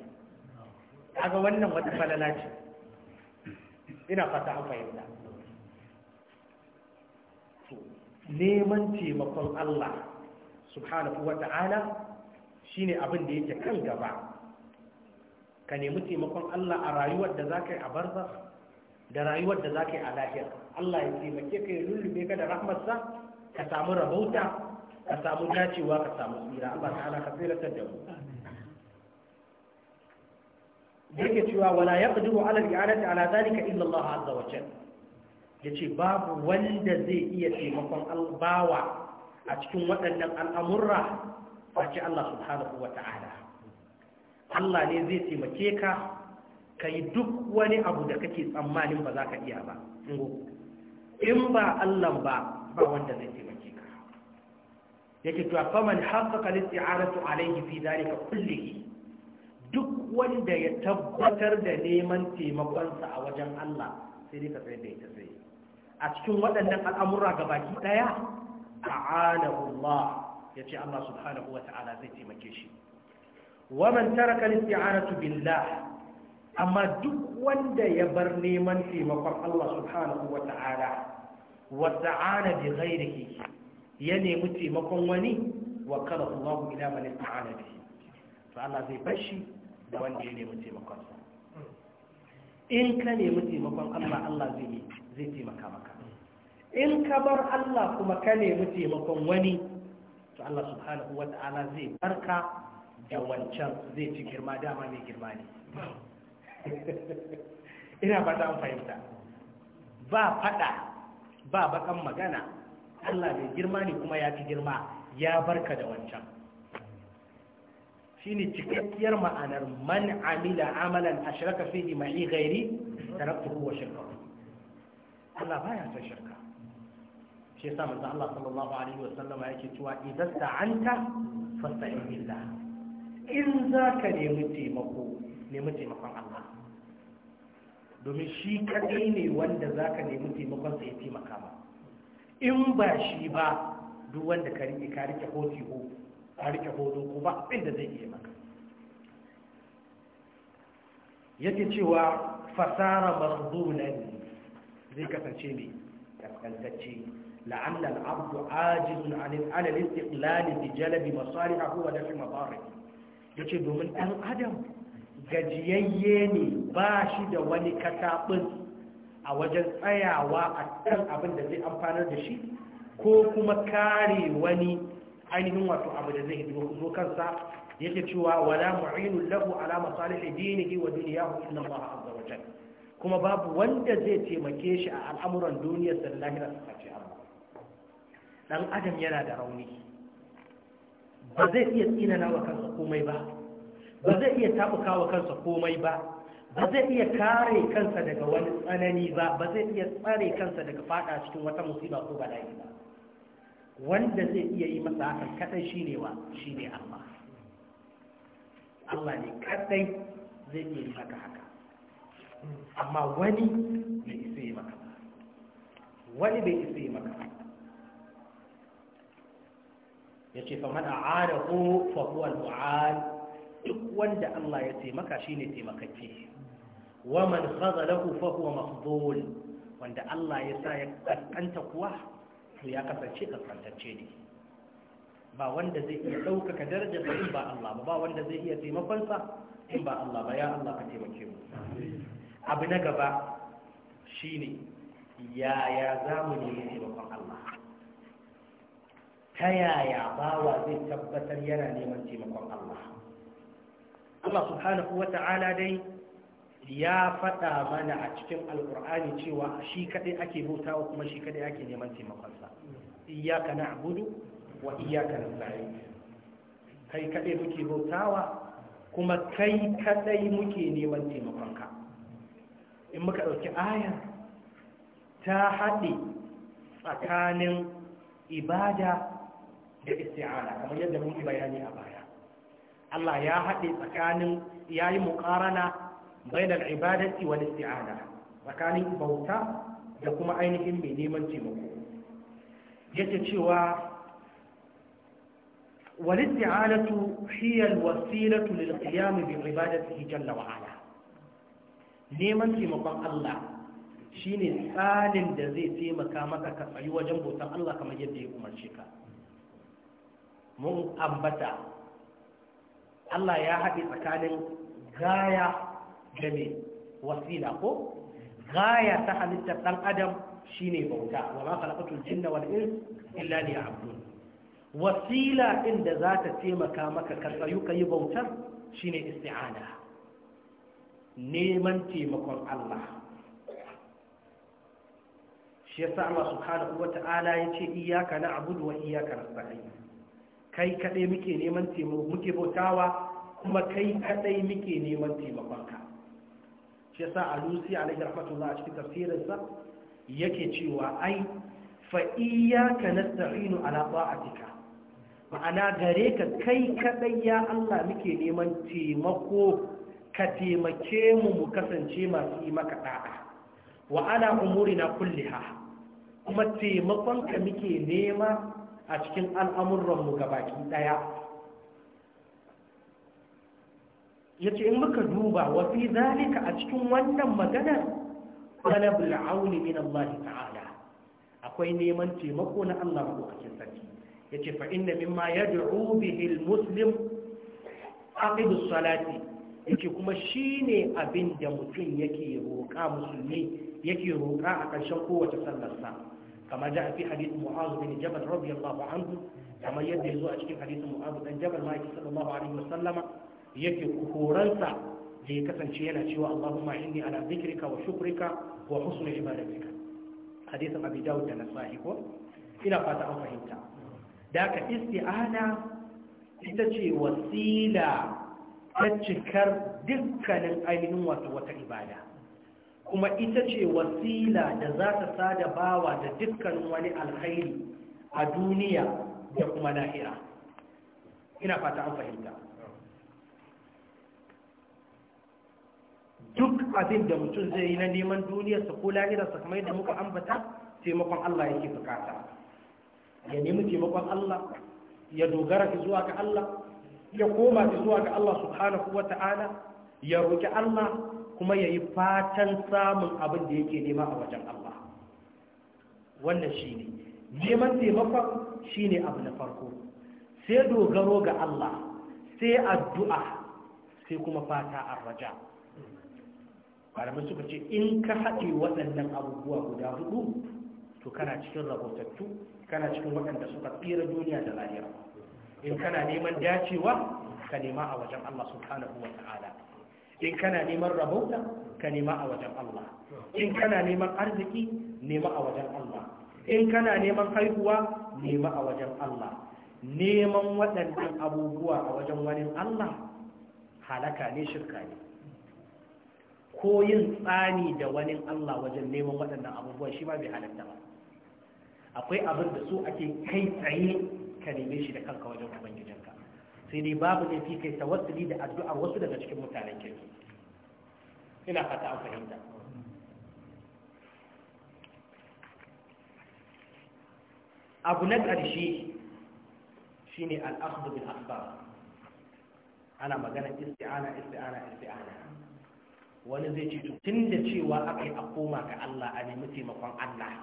kaga wannan wata falala ce ina fata an fahimta neman taimakon Allah subhanahu wa ta'ala shine abin da yake kan gaba ka nemi taimakon Allah a rayuwar da za ka yi a barza da rayuwar da za ka yi a lahiyar Allah ya taimake ka ya lullube ka da rahmarsa ka samu rabauta ka samu dacewa ka samu tsira Allah ta'ala ka tsiratar da mu yake cewa wala yaqdiru ala al-i'anati ala zalika illa Allah azza wa Ya yace babu wanda zai iya taimakon albawa a cikin waɗannan al'amurra face Allah subhanahu wa ta'ala Allah ne zai taimake ka yi duk wani abu da kake tsammanin ba za ka iya ba in ba Allah ba ba wanda zai taimake ka yake to fa haqqaqa al-isti'anatu alayhi fi dhalika kullihi duk wanda ya tabbatar da neman taimakonsa a wajen Allah sai dai ka da ita sai, a cikin waɗannan al'amura ga baki ɗaya a'anahullah ya ce Allah subhanahu wa ta'ala zai taimake shi waman taraka isti'anatu billah amma duk wanda ya bar neman taimakon Allah subhanahu wa ta'ala wa ta'ana bi ghairihi ya nemi taimakon wani wa kala Allah ila man ista'ana to Allah zai bashi da wanda ya nemi taimakon sa in ka nemi taimakon Allah Allah zai yi zai taimaka maka in ka bar Allah kuma ka nemi taimakon wani to Allah subhanahu wa ta'ala zai barka da wancan zai ci girma dama mai girma ne ina ba ta fahimta ba fada ba bakan magana Allah mai girma ne kuma ya fi girma ya barka da wancan shine cikakkiyar ma'anar man amila amalan ashraka fihi ma'i ghairi taraktuhu wa shirkahu Allah baya son shirka shi yasa manzo Allah sallallahu alaihi wa sallama yake cewa idan ta'anta fasta'in billah in zaka nemi taimako nemi taimakon Allah domin shi kadai ne wanda zaka nemi taimakon sa ya taimaka ba in ba shi ba duk wanda ka rike ka rike hoti hoti a rike hodo ko ba abin zai iya maka yake cewa fasara makhdulan zai kasance ne kaskantacce la'annan al'abdu ajizun anil alal istiqlal bi jalbi masalihi wa dafi madarihi yace domin dan adam gajiyayye ne ba shi da wani katabin a wajen tsayawa a kan abin da zai amfanar da shi ko kuma kare wani ainihin wato abu da zai zo kansa yake cewa wala mu'inun lahu ala masalihi dinihi wa dunyahu illa Allah azza wa jalla kuma babu wanda zai taimake shi a al'amuran duniyar da lahira ta ce Allah dan adam yana da rauni ba zai iya tsina na kansa komai ba ba zai iya tabuka wa kansa komai ba ba zai iya kare kansa daga wani tsanani ba ba zai iya tsare kansa daga fada cikin wata musiba ko bala'i ba wanda zai iya yi masa hakan kadai shine wa shine Allah Allah ne kadai zai iya yi maka haka amma wani bai isa yi maka wani bai isa yi maka ya ce fa man a'ada ko fa huwa muad duk wanda Allah ya taimaka shine taimakake wa man khazalahu fa huwa mafdhul wanda Allah ya sa ya kaskanta kuwa to ya kasance kaskantacce ne ba wanda zai iya ɗaukaka darajar da in ba Allah ba ba wanda zai iya taimakonsa in ba Allah ba ya Allah ka taimake mu abu na gaba shi ne. yaya za mu nemi taimakon Allah ta yaya bawa zai tabbatar yana neman taimakon Allah Allah subhanahu wa ta'ala dai ya faɗa mana a cikin alƙur'ani cewa shi kaɗai ake bautawa kuma shi kaɗai ake neman taimakonsa iyaka na abudu wa iyaka na tsari. kai kaɗai muke bautawa kuma kai kaɗai muke neman taimakonka in muka ɗauki aya ta haɗe tsakanin ibada da isti'ana kamar yadda mun bayani a baya Allah ya haɗe tsakanin ya yi muƙarana da ibadati wal isti'ana tsakanin bauta da kuma ainihin mai neman taimako yake cewa wal tu hiya al wasilatu lil qiyam bi ibadatihi jalla wa ala neman taimakon Allah shine tsalin da zai taimaka maka ka tsayi wajen bautan Allah kamar yadda ya umarce ka mun ambata Allah ya haɗe tsakanin gaya da mai wasila ko gaya ta halittar ɗan adam shine bauta wa ma khalaqatul jinna wal ins illa liya'budun wasila inda za ta taimaka maka ka tsayu ka yi bautar shine isti'ana neman taimakon Allah shi yasa Allah subhanahu ta'ala ya ce iyaka na abudu wa iyaka nasta'in kai kaɗai muke neman taimako muke bautawa kuma kai kaɗai muke neman taimakon ka. shi yasa alusi alaihi rahmatullah a cikin tafsirinsa yake cewa ai fa iyyaka nasta'inu ala ta'atika ma'ana gare ka kai kaɗai ya Allah muke neman taimako ka taimake mu mu kasance masu yi maka da'a wa ala umurina kulliha kuma taimakon ka muke nema a cikin al'amuran mu baki ɗaya? ya ce in muka duba wafi zalika a cikin wannan maganar talabul auni min Allah ta'ala akwai neman taimako na Allah lokacin sarki ya ce fa inna mimma yad'u bihi almuslim aqidu salati yake kuma shine abin da mutum yake roƙa musulmi yake roƙa a ƙarshen kowace sallarsa kamar ja fi hadith mu'az bin jabal radiyallahu anhu kamar yadda yazo a cikin hadith mu'az dan jabal ma yake sallallahu alaihi wasallama yake horansa da ya kasance yana cewa Allahumma inni ala zikrika wa shukrika wa husni ibadatika hadisin Abi Dawud da Nasa'i ko ina fata an fahimta da ka isti'ana ita ce wasila ta cikar dukkanin ainihin wata wata ibada kuma ita ce wasila da za ta sada bawa da dukkanin wani alkhairi a duniya da kuma lahira ina fata an fahimta duk abin da mutum zai yi na neman duniyarsa ko da kamar yadda muka ambata taimakon Allah yake bukata ya nemi taimakon Allah ya dogara zuwa ga Allah ya koma zuwa ga Allah subhanahu wata'ala ya roki Allah kuma ya yi fatan samun abin da yake nema a wajen Allah wannan shine neman taimakon shine abu na farko sai dogaro ga Allah sai addu'a sai kuma fata arraja raja malamai suka ce in ka haɗe waɗannan abubuwa guda hudu to kana cikin rahotattu kana cikin waɗanda suka tsira duniya da lahira in kana neman dacewa ka nema a wajen Allah subhanahu wa ta'ala in kana neman rahota ka nema a wajen Allah in kana neman arziki nema a wajen Allah in kana neman haihuwa nema a wajen Allah neman waɗannan abubuwa a wajen wani Allah halaka ne shirka ne ko yin tsani da wani Allah wajen neman waɗannan abubuwan shi ma bai halatta ba akwai abin da su ake kai tsaye ka neme shi da kanka wajen ubangijinka sai dai babu ne fi kai tawassuli da addu'a wasu daga cikin mutanen kirki ina fata an fahimta abu na ƙarshe shine al-akhdhu bil akhbar ana magana isti'ana isti'ana isti'ana wani zai ce tun da cewa aka yi a koma ga Allah a nemi taimakon Allah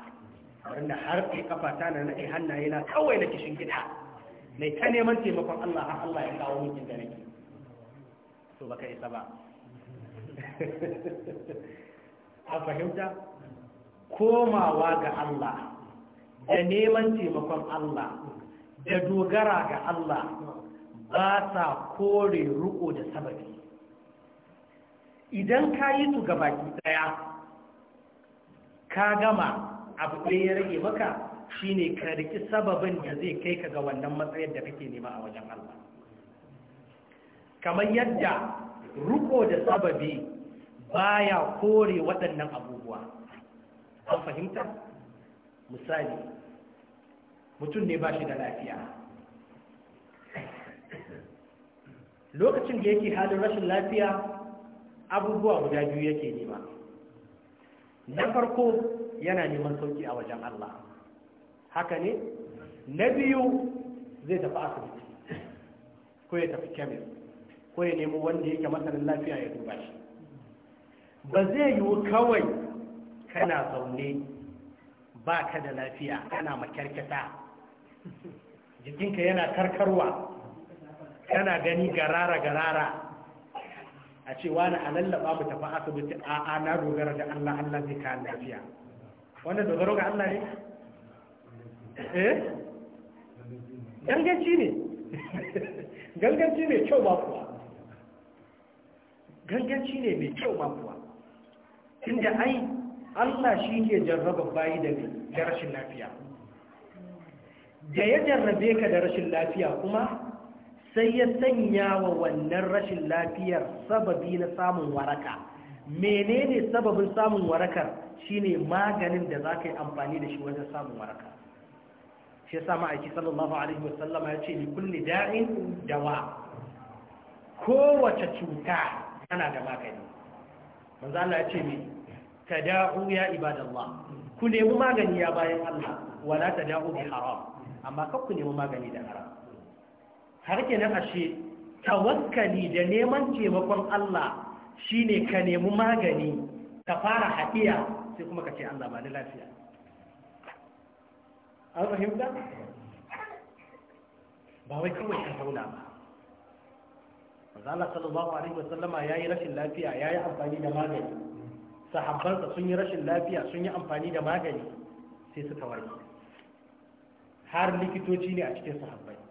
wanda har kai kafa ta na nake hannaye na kawai na kishin gida mai ta neman taimakon Allah har Allah ya kawo mutum da nake to baka isa ba a fahimta komawa ga Allah da neman taimakon Allah da dogara ga Allah ba sa kore ruko da sabari idan ka yi su gabaki daya ka gama abu ɗaya ya rage maka shine ka riki sababin da zai kai ka ga wannan matsayar da kake nema a wajen Allah kamar yadda ruko da sababi baya kore waɗannan abubuwa an fahimta misali mutum ne ba shi da lafiya lokacin da yake halin rashin lafiya abubuwa guda biyu yake nema na farko yana neman sauki a wajen Allah haka ne na biyu zai tafi asibiti ko ya tafi kemis ko ya nemo wanda yake masanin lafiya ya duba shi ba zai yiwu kawai kana zaune ba ka da lafiya kana makyarkyata jikinka yana karkarwa kana gani garara-garara a ce wani a lallaba mu tafi asibiti a a na dogara da Allah Allah zai ka lafiya wannan dogaro ga Allah ne eh ganganci ne ganganci ne kyau ba kuwa ganganci ne mai kyau ba kuwa inda ai Allah shi ke jarraba bayi da da rashin lafiya da ya jarrabe ka da rashin lafiya kuma sai ya sanya wa wannan rashin lafiyar sababi na samun waraka menene sababin samun warakar shine maganin da za ka yi amfani da shi wajen samun waraka shi samu ma'aiki sallallahu alaihi wasallama ya ce kulli da'in dawa kowace cuta tana da magani manzo Allah ya ce me tada'u ya ibadallah ku nemi magani ya bayan Allah wala tada'u bi haram amma kar ku nemi magani da haram har ke nan ashe tawakkali da neman taimakon Allah shine ka nemi magani ka fara haɗiya sai kuma ka ce Allah ba ni lafiya an fahimta ba wai kawai ka zauna ba Mazala sallallahu alaihi wasallama ya yi rashin lafiya ya yi amfani da magani sahabbansa sun yi rashin lafiya sun yi amfani da magani sai suka warke har likitoci ne a cikin sahabbai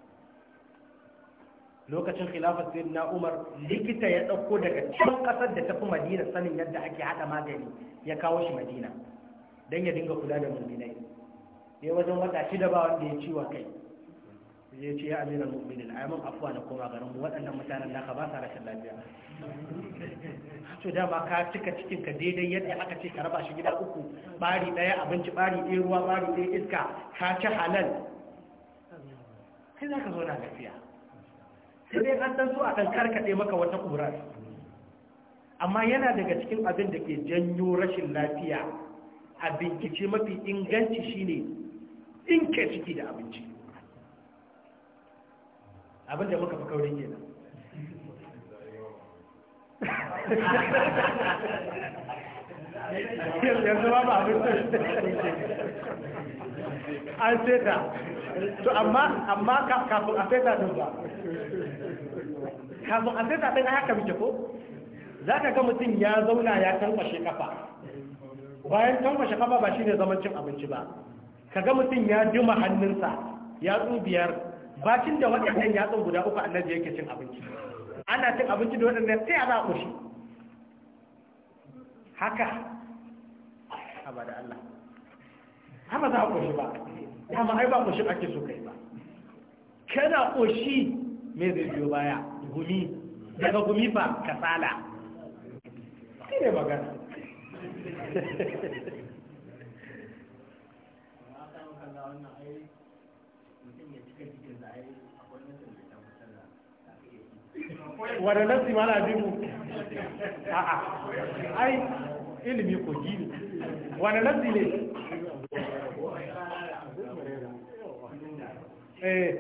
lokacin sai na Umar likita ya dauko daga cikin kasar da ta fi Madina sanin yadda ake haɗa magani ya kawo shi Madina Don ya dinga kula da mu'minai ya wajen wata shida ba wanda ya ciwa kai ya ce ya amina mu'minin a yamin afuwa na koma garin waɗannan mutanen naka ba sa rashin lafiya to dama ka cika cikin ka daidai yadda aka ce ka raba shi gida uku bari ɗaya abinci bari ɗaya ruwa bari ɗaya iska ka ci halal kai za ka zo na lafiya sai dai an dan a ɗan karkade maka wata kura amma yana daga cikin abin da ke janyo rashin lafiya a bincike mafi inganci shine dinke ciki da abinci abin da muka fi kaurin kenan yanzu ba ba abin an seta to amma amma kafin a seta din ba kafin a seta din haka muke ko za ka ga mutum ya zauna ya tankwashe kafa bayan tankwashe kafa ba shine zaman cin abinci ba ka ga mutum ya duma hannunsa yatsu biyar bakin da waɗannan yatsun guda uku annabi yake cin abinci ana cin abinci da waɗannan sai a za a haka abada Allah hama za a ƙoshi ba dama ai ba ƙoshi ake so kai ba kana ƙoshi mai zai biyo baya gumi daga gumi fa kasala shi ne magana wadda nan si mana bibu a'a ai ilimi kogi gini. wadda nan ne eh eh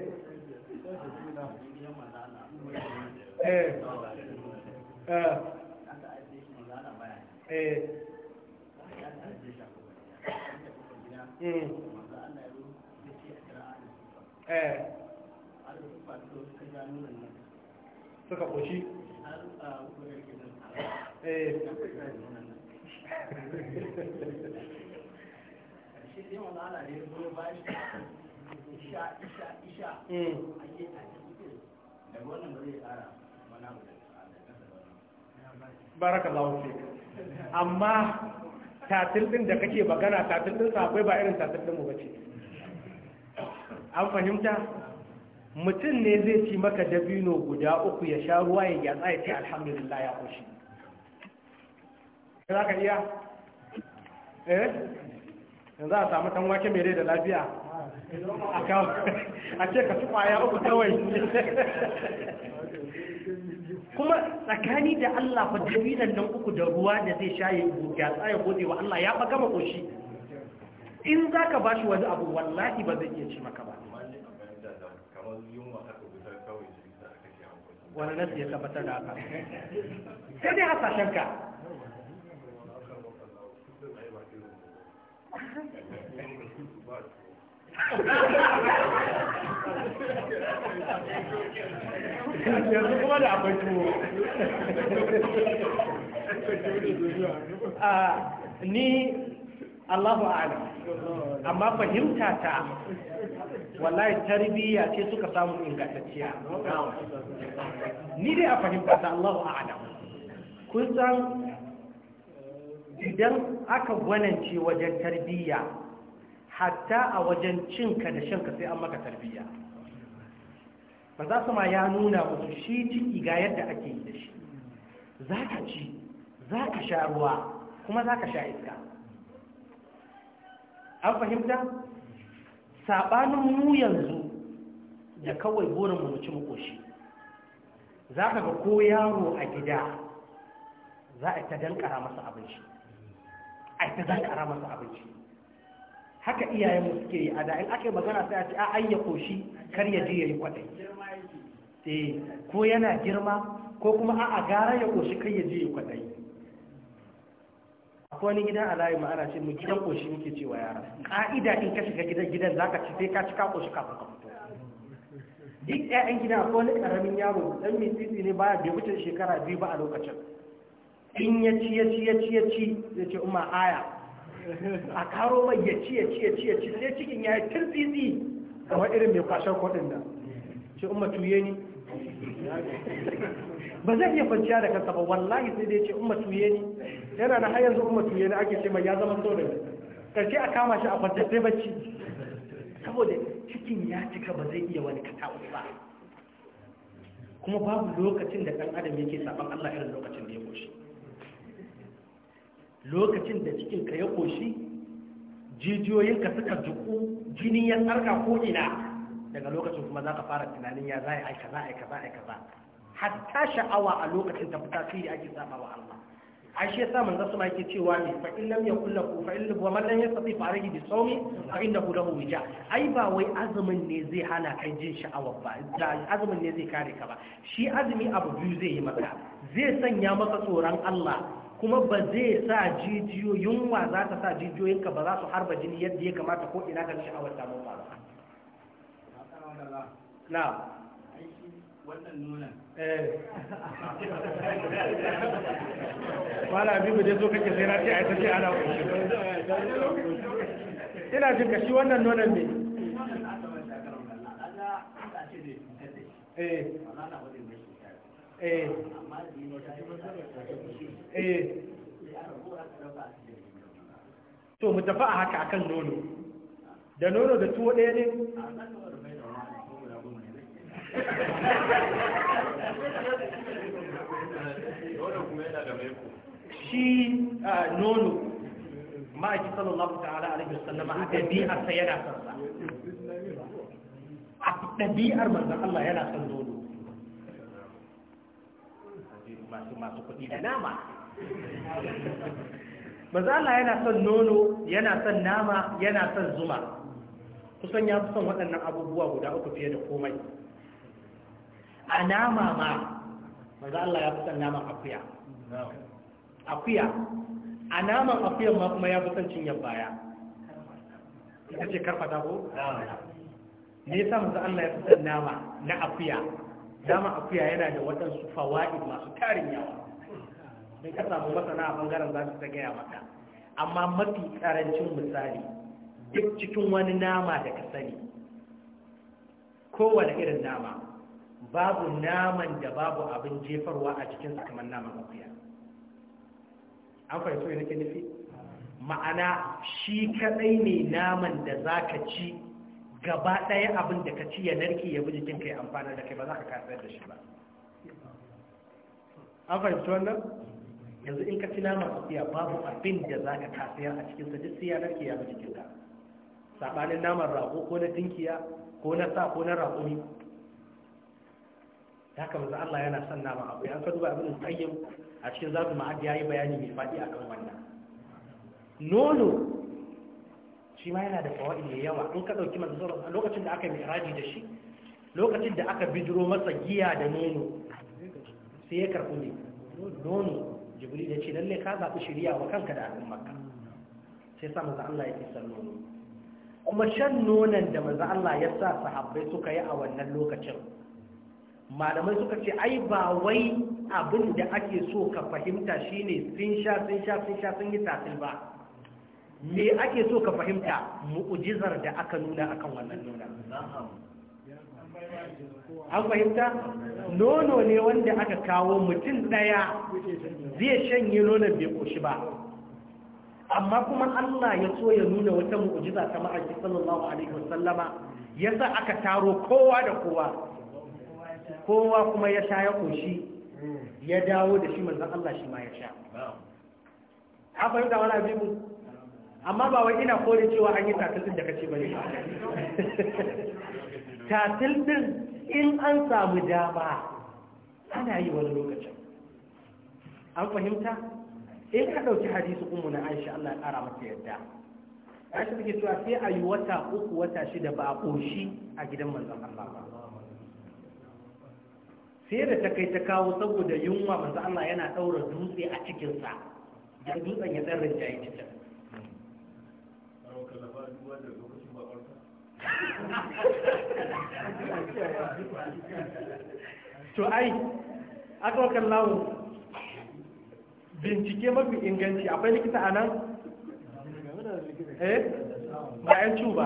eh suka koshi eh Hmm. baraka lawo amma tatil din da kake magana tatil din sa akwai ba irin tatil din mu bace an fahimta mutum ne zai ci maka dabino guda uku ya sha ruwa ya gyatsa ya ce alhamdulillah ya koshi za ka iya eh yanzu a samu kan wake mai da lafiya a ce ka tuba ya uku kawai kuma tsakani da Allah fa dabinan nan uku da ruwa da zai sha ya ya tsaya gode wa Allah ya fa gama koshi in za zaka bashi wani abu wallahi ba zai iya ci maka ba wani nasu ya tabbatar da haka sai dai ka. yanzu kuma da akwai tuwo ni Allahu a'lam amma fahimta ta wallahi tarbiyya ce suka samu ingantacciya ni dai a fahimta ta Allahu a'lam kun san idan aka gwanance wajen tarbiyya hatta a wajen cinka da shanka sai an maka tarbiyya ba za su ma ya nuna ba shi ciki ga yadda ake yi da shi za ka ci za ka sha ruwa kuma za ka sha iska an fahimta saɓanin mu yanzu da kawai burin mu ci makoshi za ka ga ko yaro a gida za a ta dankara masa abinci. a za ka ara masa abinci haka iyayen mu suke yi a da in aka yi magana sai a ce a an ya koshi kar ya je ya yi kwaɗai eh ko yana girma ko kuma a gara ya koshi kar ya je ya kwaɗai akwai wani gidan alayi ma ana ce mu gidan koshi muke cewa yara ka'ida in ka shiga gidan gidan zaka ci sai ka ci ka koshi kafin ka fito duk 'ya'yan gidan akwai wani ƙaramin yaro ɗan mai tsitsi ne baya bai wuce shekara biyu ba a lokacin in ya ci ya ci ya ci ya ci ya ce umar aya a karo mai ya ci ya ci ya ci ya ci sai cikin ya yi tirtsitsi kamar irin mai kwashen kwaɗin da ce umar tuye ni ba zai iya kwanciya da kansa ba wallahi sai dai ce umar tuye ni yana na har yanzu umar tuye ni ake ce mai ya zama sau da karshe a kama shi a kwanta sai bacci saboda cikin ya cika ba zai iya wani kata ba kuma babu lokacin da ɗan adam yake saɓan Allah irin lokacin da ya goshi lokacin da cikin ka ya ƙoshi jijiyoyinka suka jiku jini ya tsarka ko ina daga lokacin kuma za ka fara tunanin ya za a yi kaza a aika kaza a kaza hatta sha'awa a lokacin ta fita fili ake zaɓa wa Allah a shi yasa manzo yake cewa ne fa in lam yakul lahu fa in lahu man lam yastati fa alayhi bisawmi fa innahu lahu wija ai ba wai azumin ne zai hana kai jin sha'awa ba azumin ne zai kare ka ba shi azumi abu biyu zai yi maka zai sanya maka tsoron Allah kuma ba zai sa jijiyo yunwa za ta sa jijiyoyinka ba za su harba jini yadda ya kamata ko ina kan sha'awar ta ba na wannan nuna eh ana ina jin Eh. eh to mu tafi a haka akan nono da nono da tuwo ɗaya ne shi nono ma'aiki sallallahu ta'ala alaihi wasallama a ɗabi'arsa yana son sa a ɗabi'ar manzan Allah yana son nono masu masu kuɗi da nama manzo Allah yana son nono yana son nama yana son zuma kusan ya fi son waɗannan abubuwa guda uku fiye da komai a nama ma manzo Allah ya fi son naman akuya akuya a naman akuyan ma kuma ya fi son cinyar baya ita ce karfata ko nisa yasa Allah ya fi son nama na akuya dama akuya yana da waɗansu fawa'i masu tarin yawa Mai ka samu masana a bangaren za su ta gaya maka amma mafi karancin misali duk cikin wani nama da ka sani kowane irin nama babu naman da babu abin jefarwa a cikin kamar naman akuya an fahimta yana nufi ma'ana shi kadai ne naman da za ka ci gaba ɗaya abin da ka ci ya narke ya bi jikinka ya amfana da kai ba za ka kasar da shi ba an fahimci wannan yanzu in ka ci nama akuya babu abin da za ka kasayar a cikinsa duk sai ya narke ya bi jikinka saɓanin naman rago ko na dinkiya ko na sa ko na raƙumi ya za Allah yana son nama abu ya ka duba abin tsayin a cikin zafi ma'adiyayi ya yi bayani mai faɗi a kan wannan nono shi ma yana da fawa'i da yawa in ka dauki manzo lokacin da aka yi miraji da shi lokacin da aka bidiro masa giya da nono sai ya karɓi ne nono jibril ya ce lalle ka zaɓi shirya wa kanka da abin makka sai sa maza Allah ya isar nono kuma shan nonon da maza Allah ya sa sahabbai suka yi a wannan lokacin malamai suka ce ai ba wai abin da ake so ka fahimta shine sun sha sun sha sun sha sun yi tafil ba me ake so ka fahimta mu'ujizar da aka nuna akan wannan nuna an fahimta nono ne wanda aka kawo mutum ɗaya zai shanye nono bai koshi ba amma kuma Allah ya so ya nuna wata mu'ujiza ta ma'aji sallallahu alaihi wasallama yasa aka taro kowa da kowa kowa kuma ya sha ya ƙoshi ya dawo da shi manzon Allah shi ma ya sha a fahimta wani abin amma ba wai ina kore cewa an yi tatil da kace bane ba tatil in an samu dama ana yi wani lokacin an fahimta in ka dauki hadisi ummu na Aisha Allah ya kara mata yadda Aisha take cewa sai a yi wata uku wata shida ba a koshi a gidan manzon Allah ba sai da ta kai ta kawo saboda yunwa manzon Allah yana daura dutse a cikinsa da dutsen ya tsare jayi cikin to ai aka wakan lawo bincike mafi inganci akwai likita a nan? eh ba yan cu ba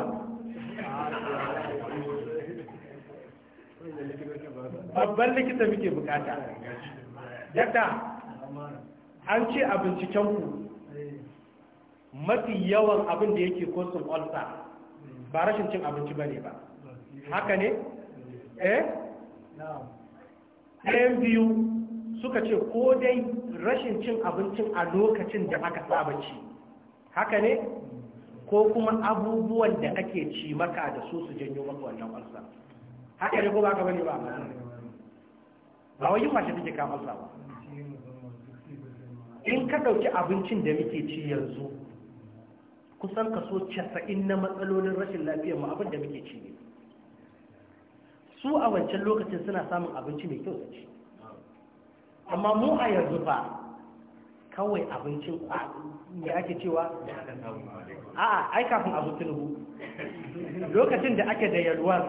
babban likita muke bukata yadda an ce a bincikenku mafi yawan abin da yake kosin olsa ba rashin cin abinci ba ne ba haka ne eh ɗayan biyu suka ce ko dai rashin cin abincin a lokacin da aka saba ci haka ne ko kuma abubuwan da ake ci maka da su su janyo maka wannan olsa haka ne ko ba ka bane ba ba wai yunwa fi jika olsa ba in ka ɗauki abincin da muke ci yanzu kusan kaso casa'in na matsalolin rashin lafiyar mu abin da muke ci ne su a wancan lokacin suna samun abinci mai kyau su ci amma mu a yanzu fa kawai abincin ne ake cewa a'a ai kafin abu tinubu lokacin da ake da yalwar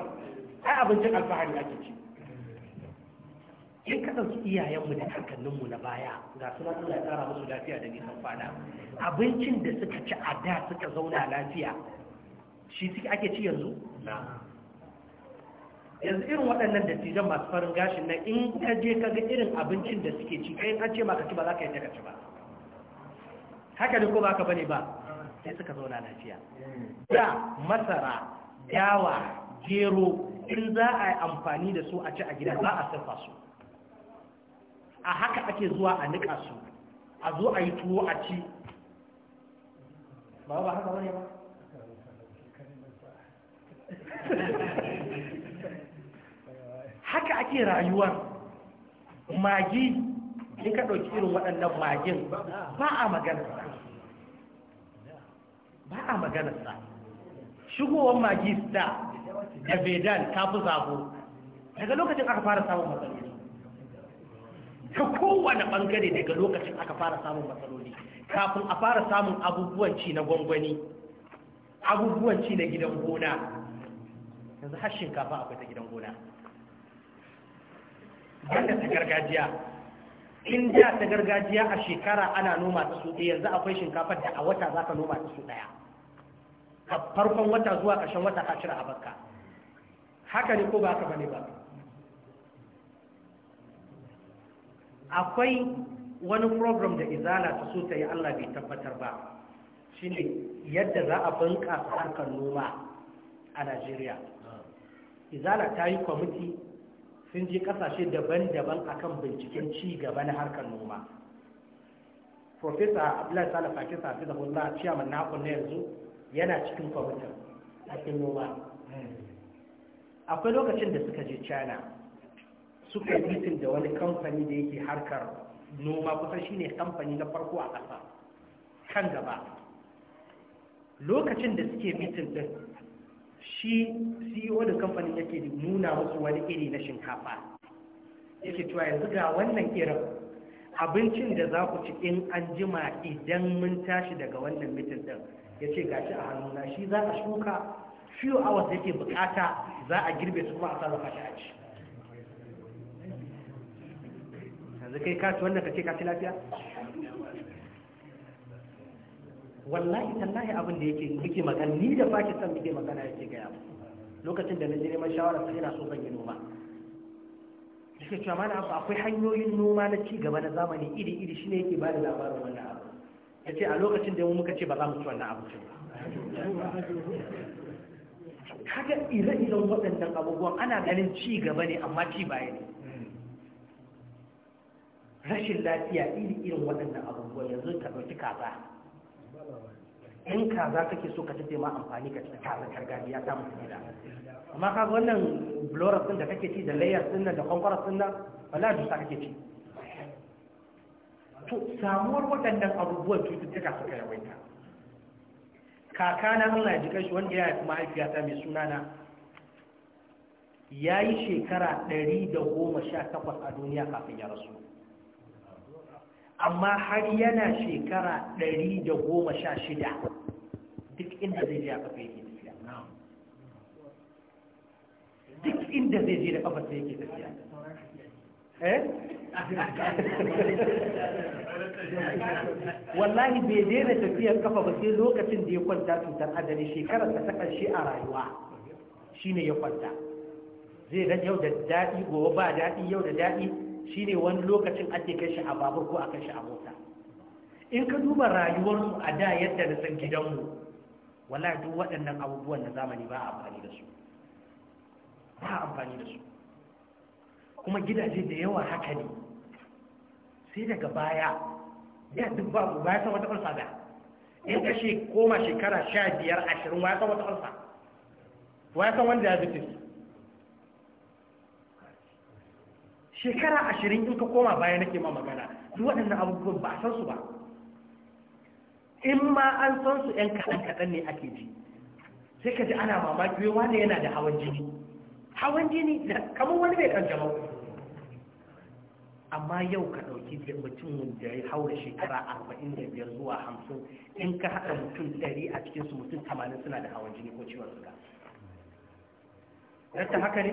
ai abincin alfahari ake ci in ka ɗauki iyayenmu da kakanninmu na baya ga suna Allah ya tsara musu lafiya da nisan fada abincin da suka ci a da suka zauna lafiya shi suke ake ci yanzu yanzu irin waɗannan dattijan masu farin gashin nan in ka je ka ga irin abincin da suke ci kai an ce maka ci ba za ka yi daga ci ba haka ne ko ba ka bane ba sai suka zauna lafiya da masara dawa gero in za a yi amfani da su a ci a gida za a sarfa su a haka ake zuwa a niƙa su a zo a yi tuwo a ci ba ba haka wani ba haka ake rayuwar magi in ka ɗauki irin waɗannan magin ba a maganarsa ba a maganarsa shigowar magi da da vedan ta fi zabo daga lokacin aka fara samun matsaloli ta kowane bangare daga lokacin aka fara samun matsaloli kafin a fara samun abubuwan ci na gwangwani abubuwan ci na gidan gona yanzu har shinkafa akwai ta gidan gona banda ta gargajiya in da ta gargajiya a shekara ana noma ta su ɗaya yanzu akwai shinkafar da a wata za ka noma ta su ɗaya a farkon wata zuwa ƙarshen wata ka cire a bakka haka ne ko ba haka bane ba akwai wani program da izala ta so ta yi Allah bai tabbatar ba Shi ne yadda za a bunƙasa harkar noma a Najeriya izala ta yi kwamiti sun je ƙasashe daban-daban akan binciken ci gaba na harkar noma Profesa Abdullahi Sala Fakis Hafizahullah ciyaman na na yanzu yana cikin kwamitin cikin noma akwai lokacin da suka je China suka yi mitin da wani kamfani da yake harkar noma kusan shine kamfani na farko a ƙasa kan gaba lokacin da suke mitin din shi CEO da kamfanin yake nuna musu wani iri na shinkafa yake cewa yanzu ga wannan irin abincin da za ku ci in an jima idan mun tashi daga wannan mitin ɗin, ya ce gashi a hannuna shi za a shuka few hours yake bukata za a girbe su kuma a sarrafa shi a ci da kai kaci wannan ka ce kaci lafiya wallahi tallahi abin da yake muke magana ni da Pakistan muke magana yake gaya lokacin da na je neman shawara sai na so zan yi noma suke cewa mana abu akwai hanyoyin noma na ci gaba na zamani iri iri shine yake ba da labarin wannan abu ya ce a lokacin da muka ce ba za mu ci wannan abincin ba kaga ire-iren waɗannan abubuwan ana ganin ci gaba ne amma ci baya ne rashin lafiya iri irin waɗannan abubuwa yanzu ka ɗauki kaza in kaza kake so ka tafi ma amfani ka cikin kaza gargajiya ta mutu gida amma ka wannan blora sun da kake ci da layar nan da kwankwara sun nan wala dusa kake ci to samuwar waɗannan abubuwan cututtuka suka yawaita kakana Allah ya ji shi wanda ya fi mahaifiyata mai suna na. ya yi shekara ɗari da goma sha takwas a duniya kafin ya rasu amma har yana shekara ɗari da goma sha shida duk inda zai je a ƙafa yake tafiya duk inda zai je da kafa sai yake tafiya eh? wallahi bai daina tafiya kafa ba sai lokacin da ya kwanta cutar adani shekarar ta ƙarshe a rayuwa shine ya kwanta zai dan yau da daɗi gobe ba daɗi yau da daɗi Shi ne wani lokacin ake kai shi a babur ko a kai shi a mota in ka duba rayuwarsu a da yadda na san gidanmu wala duk waɗannan abubuwan na zamani ba a amfani da su ba a amfani da su kuma gidaje da yawa haka ne sai daga baya ya duk babu ba ya san wata ƙarsa da in ka koma shekara sha biyar ashirin wa ya san wata ƙarsa wa ya san wanda ya diabetes shekara ashirin in ka koma baya nake ma magana duk waɗannan abubuwan ba a san su ba in ma an san su ‘yan kaɗan kaɗan ne ake ji sai ka ji ana mamaki wani yana da hawan jini hawan jini da kamar wani mai kanjamau amma yau ka ɗauki mutum da ya haura shekara arba'in da biyar zuwa hamsin in ka haɗa mutum ɗari a cikinsu mutum tamanin suna da hawan jini ko ciwon suga. Yadda haka ne?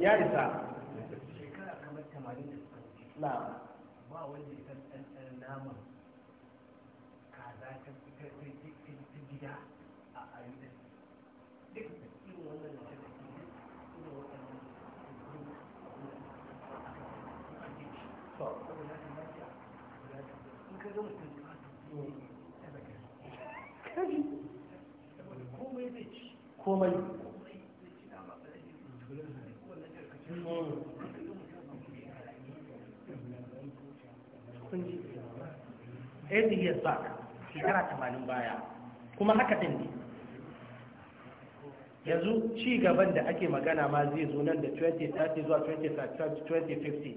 ya isa na ba wanda ba san ɗanɗan naman komai eighty years back shekara tamanin baya kuma haka ɗin ne yanzu ci gaban da ake magana ma zai zo nan da 2030 zuwa 2050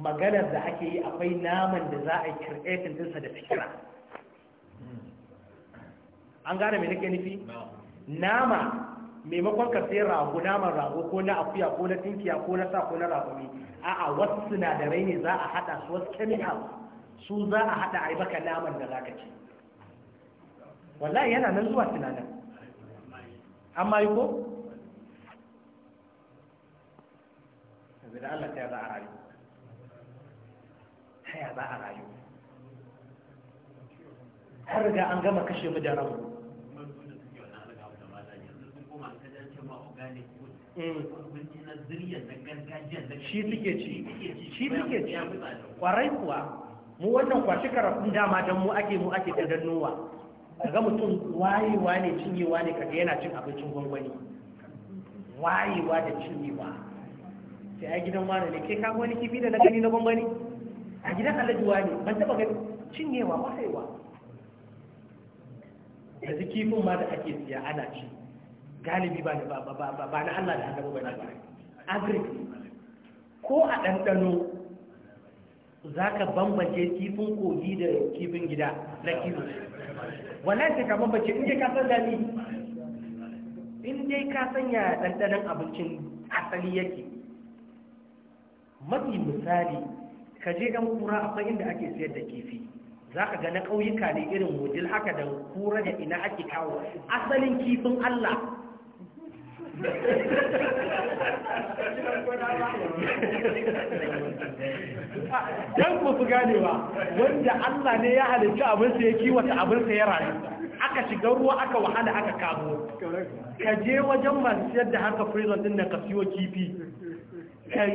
maganar da ake yi akwai naman da za a yi creating dinsa da fikira an gane mai nake nufi nama maimakon ka sai rago naman rago ko na akuya ko na tinkiya ko na sa ko na a a'a wasu sinadarai ne za a hada su wasu kemikal su za a hada a yi baka naman da zaka ci wallahi yana nan zuwa tunanin amma yi ko da Allah ta za a rayu ta ya za a rayu har riga an gama kashe mu da rago Eh. shi suke ci shi suke ci kwarai kuwa mu wannan kwashi karafin dama don mu ake mu ake ta dannowa ga mutum wayewa ne cinyewa ne kaga yana cin abincin gwangwani wayewa da cinyewa sai a gidan wani ne ke kawo wani kifi da na gani na gwangwani a gidan alajuwa ne ban taba gani cinyewa wayewa da kifin ma da ake siya ana ci galibi ba ba na Allah da annabi bai na ba agree ko a ɗanɗano za ka bambance kifin kogi da kifin gida na kifin wannan ce ka bambance inda ka san dani in dai ka sanya ɗanɗanon abincin asali yake mafi misali ka je ɗan kura akwai inda ake sayar da kifi za ka ga na ƙauyuka ne irin wudil haka da kura da ina ake kawo asalin kifin Allah dan ku su gane wanda Allah ne ya halittu abinsa ya kiwata abinsa ya rayu aka shiga ruwa aka wahala aka kamo ka je wajen masu siyar da harka prison din da ka siyo kifi Ka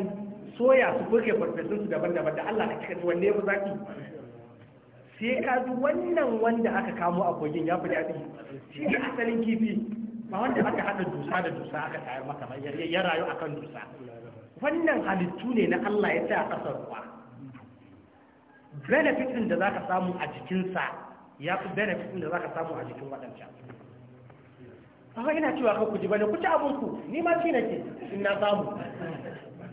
soya su burke farfesun su daban-daban da Allah ka ci wanne za zaki sai ka ji wannan wanda aka kamo a kogin ya fi daɗi shi ne asalin kifi ba wanda aka haɗa dusa da dusa aka tayar maka ba ya rayu akan dusa wannan halittu ne na Allah ya tsaya ƙasar ruwa benefit da za ka samu a jikinsa ya fi benefit da za ka samu a jikin waɗancan amma ina cewa ka ku ji bane ku abun abinku ni ma ci nake in na samu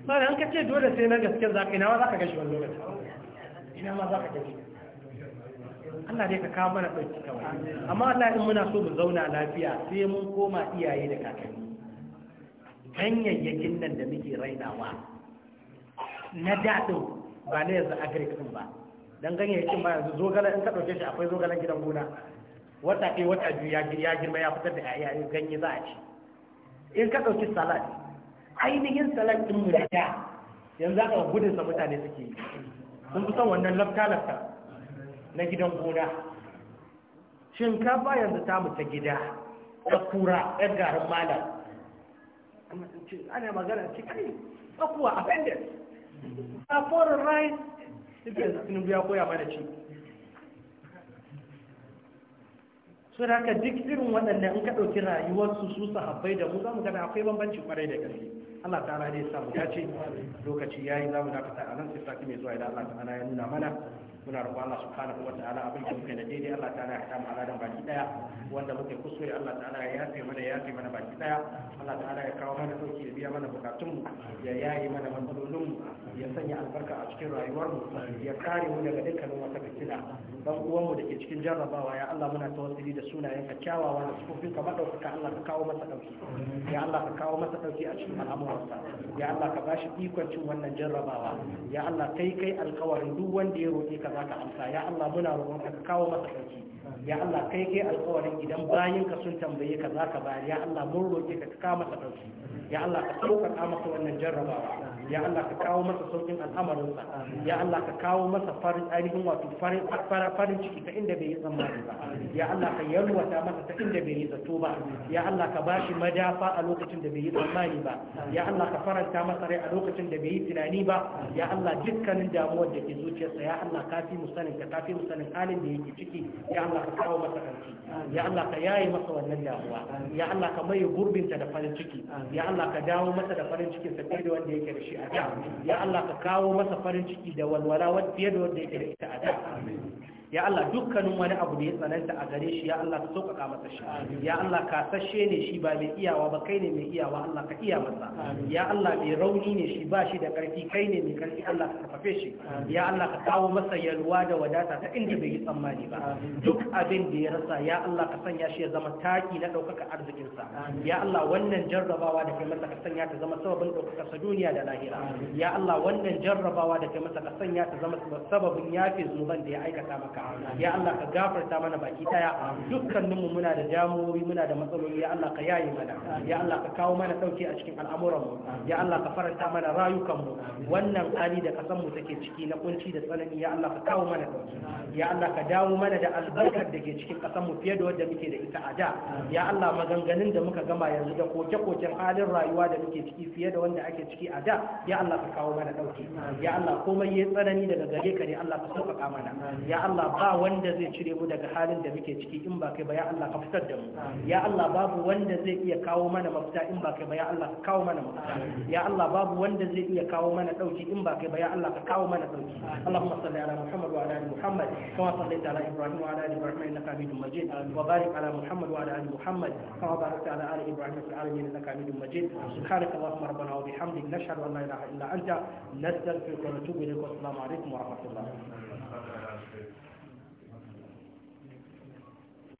ba an ka ce dole sai na gaske za ina ma za ka gashi wani lokaci ina ma za ka gashi Allah dai ka kawo mana ɗauki kawai amma Allah in muna so mu zauna lafiya sai mun koma iyaye da kakanni ganyayyakin nan da muke rainawa na daɗin ba na yanzu agrik ɗin ba don ganyayyakin ba yanzu zogala in ka ɗauke shi akwai zogalan gidan gona wata ɗaya wata biyu ya girma ya fitar da yayin ganye za a ci in ka ɗauki salad ainihin salad ɗin mu da yanzu aka gudunsa mutane suke yi sun fi son wannan lafta-lafta na gidan gona shinkafa yanzu ta mu ta gida ta kura ɗan garin malam ana magana ce kai tsakuwa a fendis a foreign rice ibn tinubu ya koya mana ci sun haka duk irin waɗanda in ka ɗauki rayuwarsu su su haɓai da mu za mu gada akwai bambanci ƙwarai da gaske Allah ta rade samu ya ce lokaci ya yi za mu fita a nan sai sati mai zuwa idan Allah ta ya nuna mana muna roƙo Allah subhanahu wa ta'ala abin da muke da daidai Allah ta'ala ya mu aladan baki daya wanda muke kuskure Allah ta'ala ya yafe mana ya yafe mana baki daya Allah ta'ala ya kawo mana sauki ya biya mana bukatun mu ya yayi mana matsalolin mu ya sanya albarka a cikin rayuwar mu ya kare mu daga dukkanin wata fitina dan uwan mu dake cikin jarrabawa ya Allah muna tawassuli da sunayen ka kyawawa da sufofin ka madaukaka Allah ka kawo masa dauki ya Allah ka kawo masa dauki a cikin al'amuransa ya Allah ka bashi ikon cin wannan jarrabawa ya Allah kai kai alƙawarin duk wanda ya roƙe ka za ka amsa ya Allah muna roƙon ka kawo masa ɗauki ya Allah kai kai alƙawarin idan bayan ka sun tambaye ka za ka bayar ya Allah mun roƙe ka kawo masa ɗauki ya Allah ka sauƙaƙa masa wannan jarrabawa ya Allah ka kawo masa saukin al'amarinsa ya Allah ka kawo masa farin ainihin wato farin ciki ta inda bai yi tsammani ba ya Allah ka yalwata masa ta inda bai yi zato ba ya Allah ka bashi madafa a lokacin da bai yi tsammani ba ya Allah ka faranta masa rai a lokacin da bai yi tunani ba ya Allah dukkanin damuwar da ke zuciyarsa ya Allah ka fi musanin ka fi musanin halin da yake ciki ya Allah ka kawo masa kanki ya Allah ka yaye masa wannan damuwa ya Allah ka mai gurbinta da farin ciki ya Allah ka dawo masa da farin cikin sa da wanda yake da shi a da ya Allah ka kawo masa farin ciki da walwala fiye da ya yake da ita a da ya Allah dukkanin wani abu da ya tsananta a gare shi ya Allah ka sauƙaƙa masa shi ya Allah ka sashe ne shi ba mai iyawa ba kai ne mai iyawa Allah ka iya masa ya Allah mai rauni ne shi ba shi da ƙarfi kai ne mai ƙarfi Allah ka kafafe shi ya Allah ka kawo masa yalwa da wadata ta inda bai yi tsammani ba duk abin da ya rasa ya Allah ka sanya shi ya zama taki na ɗaukaka arzikinsa ya Allah wannan jarrabawa da kai masa ka sanya ta zama sababin ɗaukaka sa duniya da lahira ya Allah wannan jarrabawa da kai masa ka sanya ta zama sababin yafe zunuban da ya aikata maka ya Allah ka gafarta mana baki daya dukkanin mu muna da damuwoyi muna da matsaloli ya Allah ka yaye mana ya Allah ka kawo mana dauki a cikin al'amuran mu ya Allah ka faranta mana rayukan mu wannan hali da kasan mu take ciki na kunci da tsanani ya Allah ka kawo mana ya Allah ka dawo mana da albarkar da ke cikin kasan mu fiye da wanda muke da ita a da ya Allah maganganun da muka gama yanzu da koke-koken halin rayuwa da muke ciki fiye da wanda ake ciki a da ya Allah ka kawo mana dauki ya Allah komai ya tsanani daga gare ka ne Allah ka sauƙaƙa mana ya Allah Allah ba wanda zai cire mu daga halin da muke ciki in ba kai ba ya Allah ka fitar da mu ya Allah babu wanda zai iya kawo mana mafita in ba kai ba ya Allah ka kawo mana mafita ya Allah babu wanda zai iya kawo mana dauki in ba kai ba ya Allah ka kawo mana dauki Allahumma salli ala Muhammad wa ala ali Muhammad kama sallaita ala Ibrahim wa ala ali Ibrahim innaka Hamidum Majid wa barik ala Muhammad wa ala ali Muhammad kama barakta ala ali Ibrahim fil alamin innaka Hamidum Majid subhanaka Allahumma rabbana wa bihamdik nashhadu an la ilaha illa anta nastaghfiruka wa natubu ilayk wa assalamu alaikum wa rahmatullahi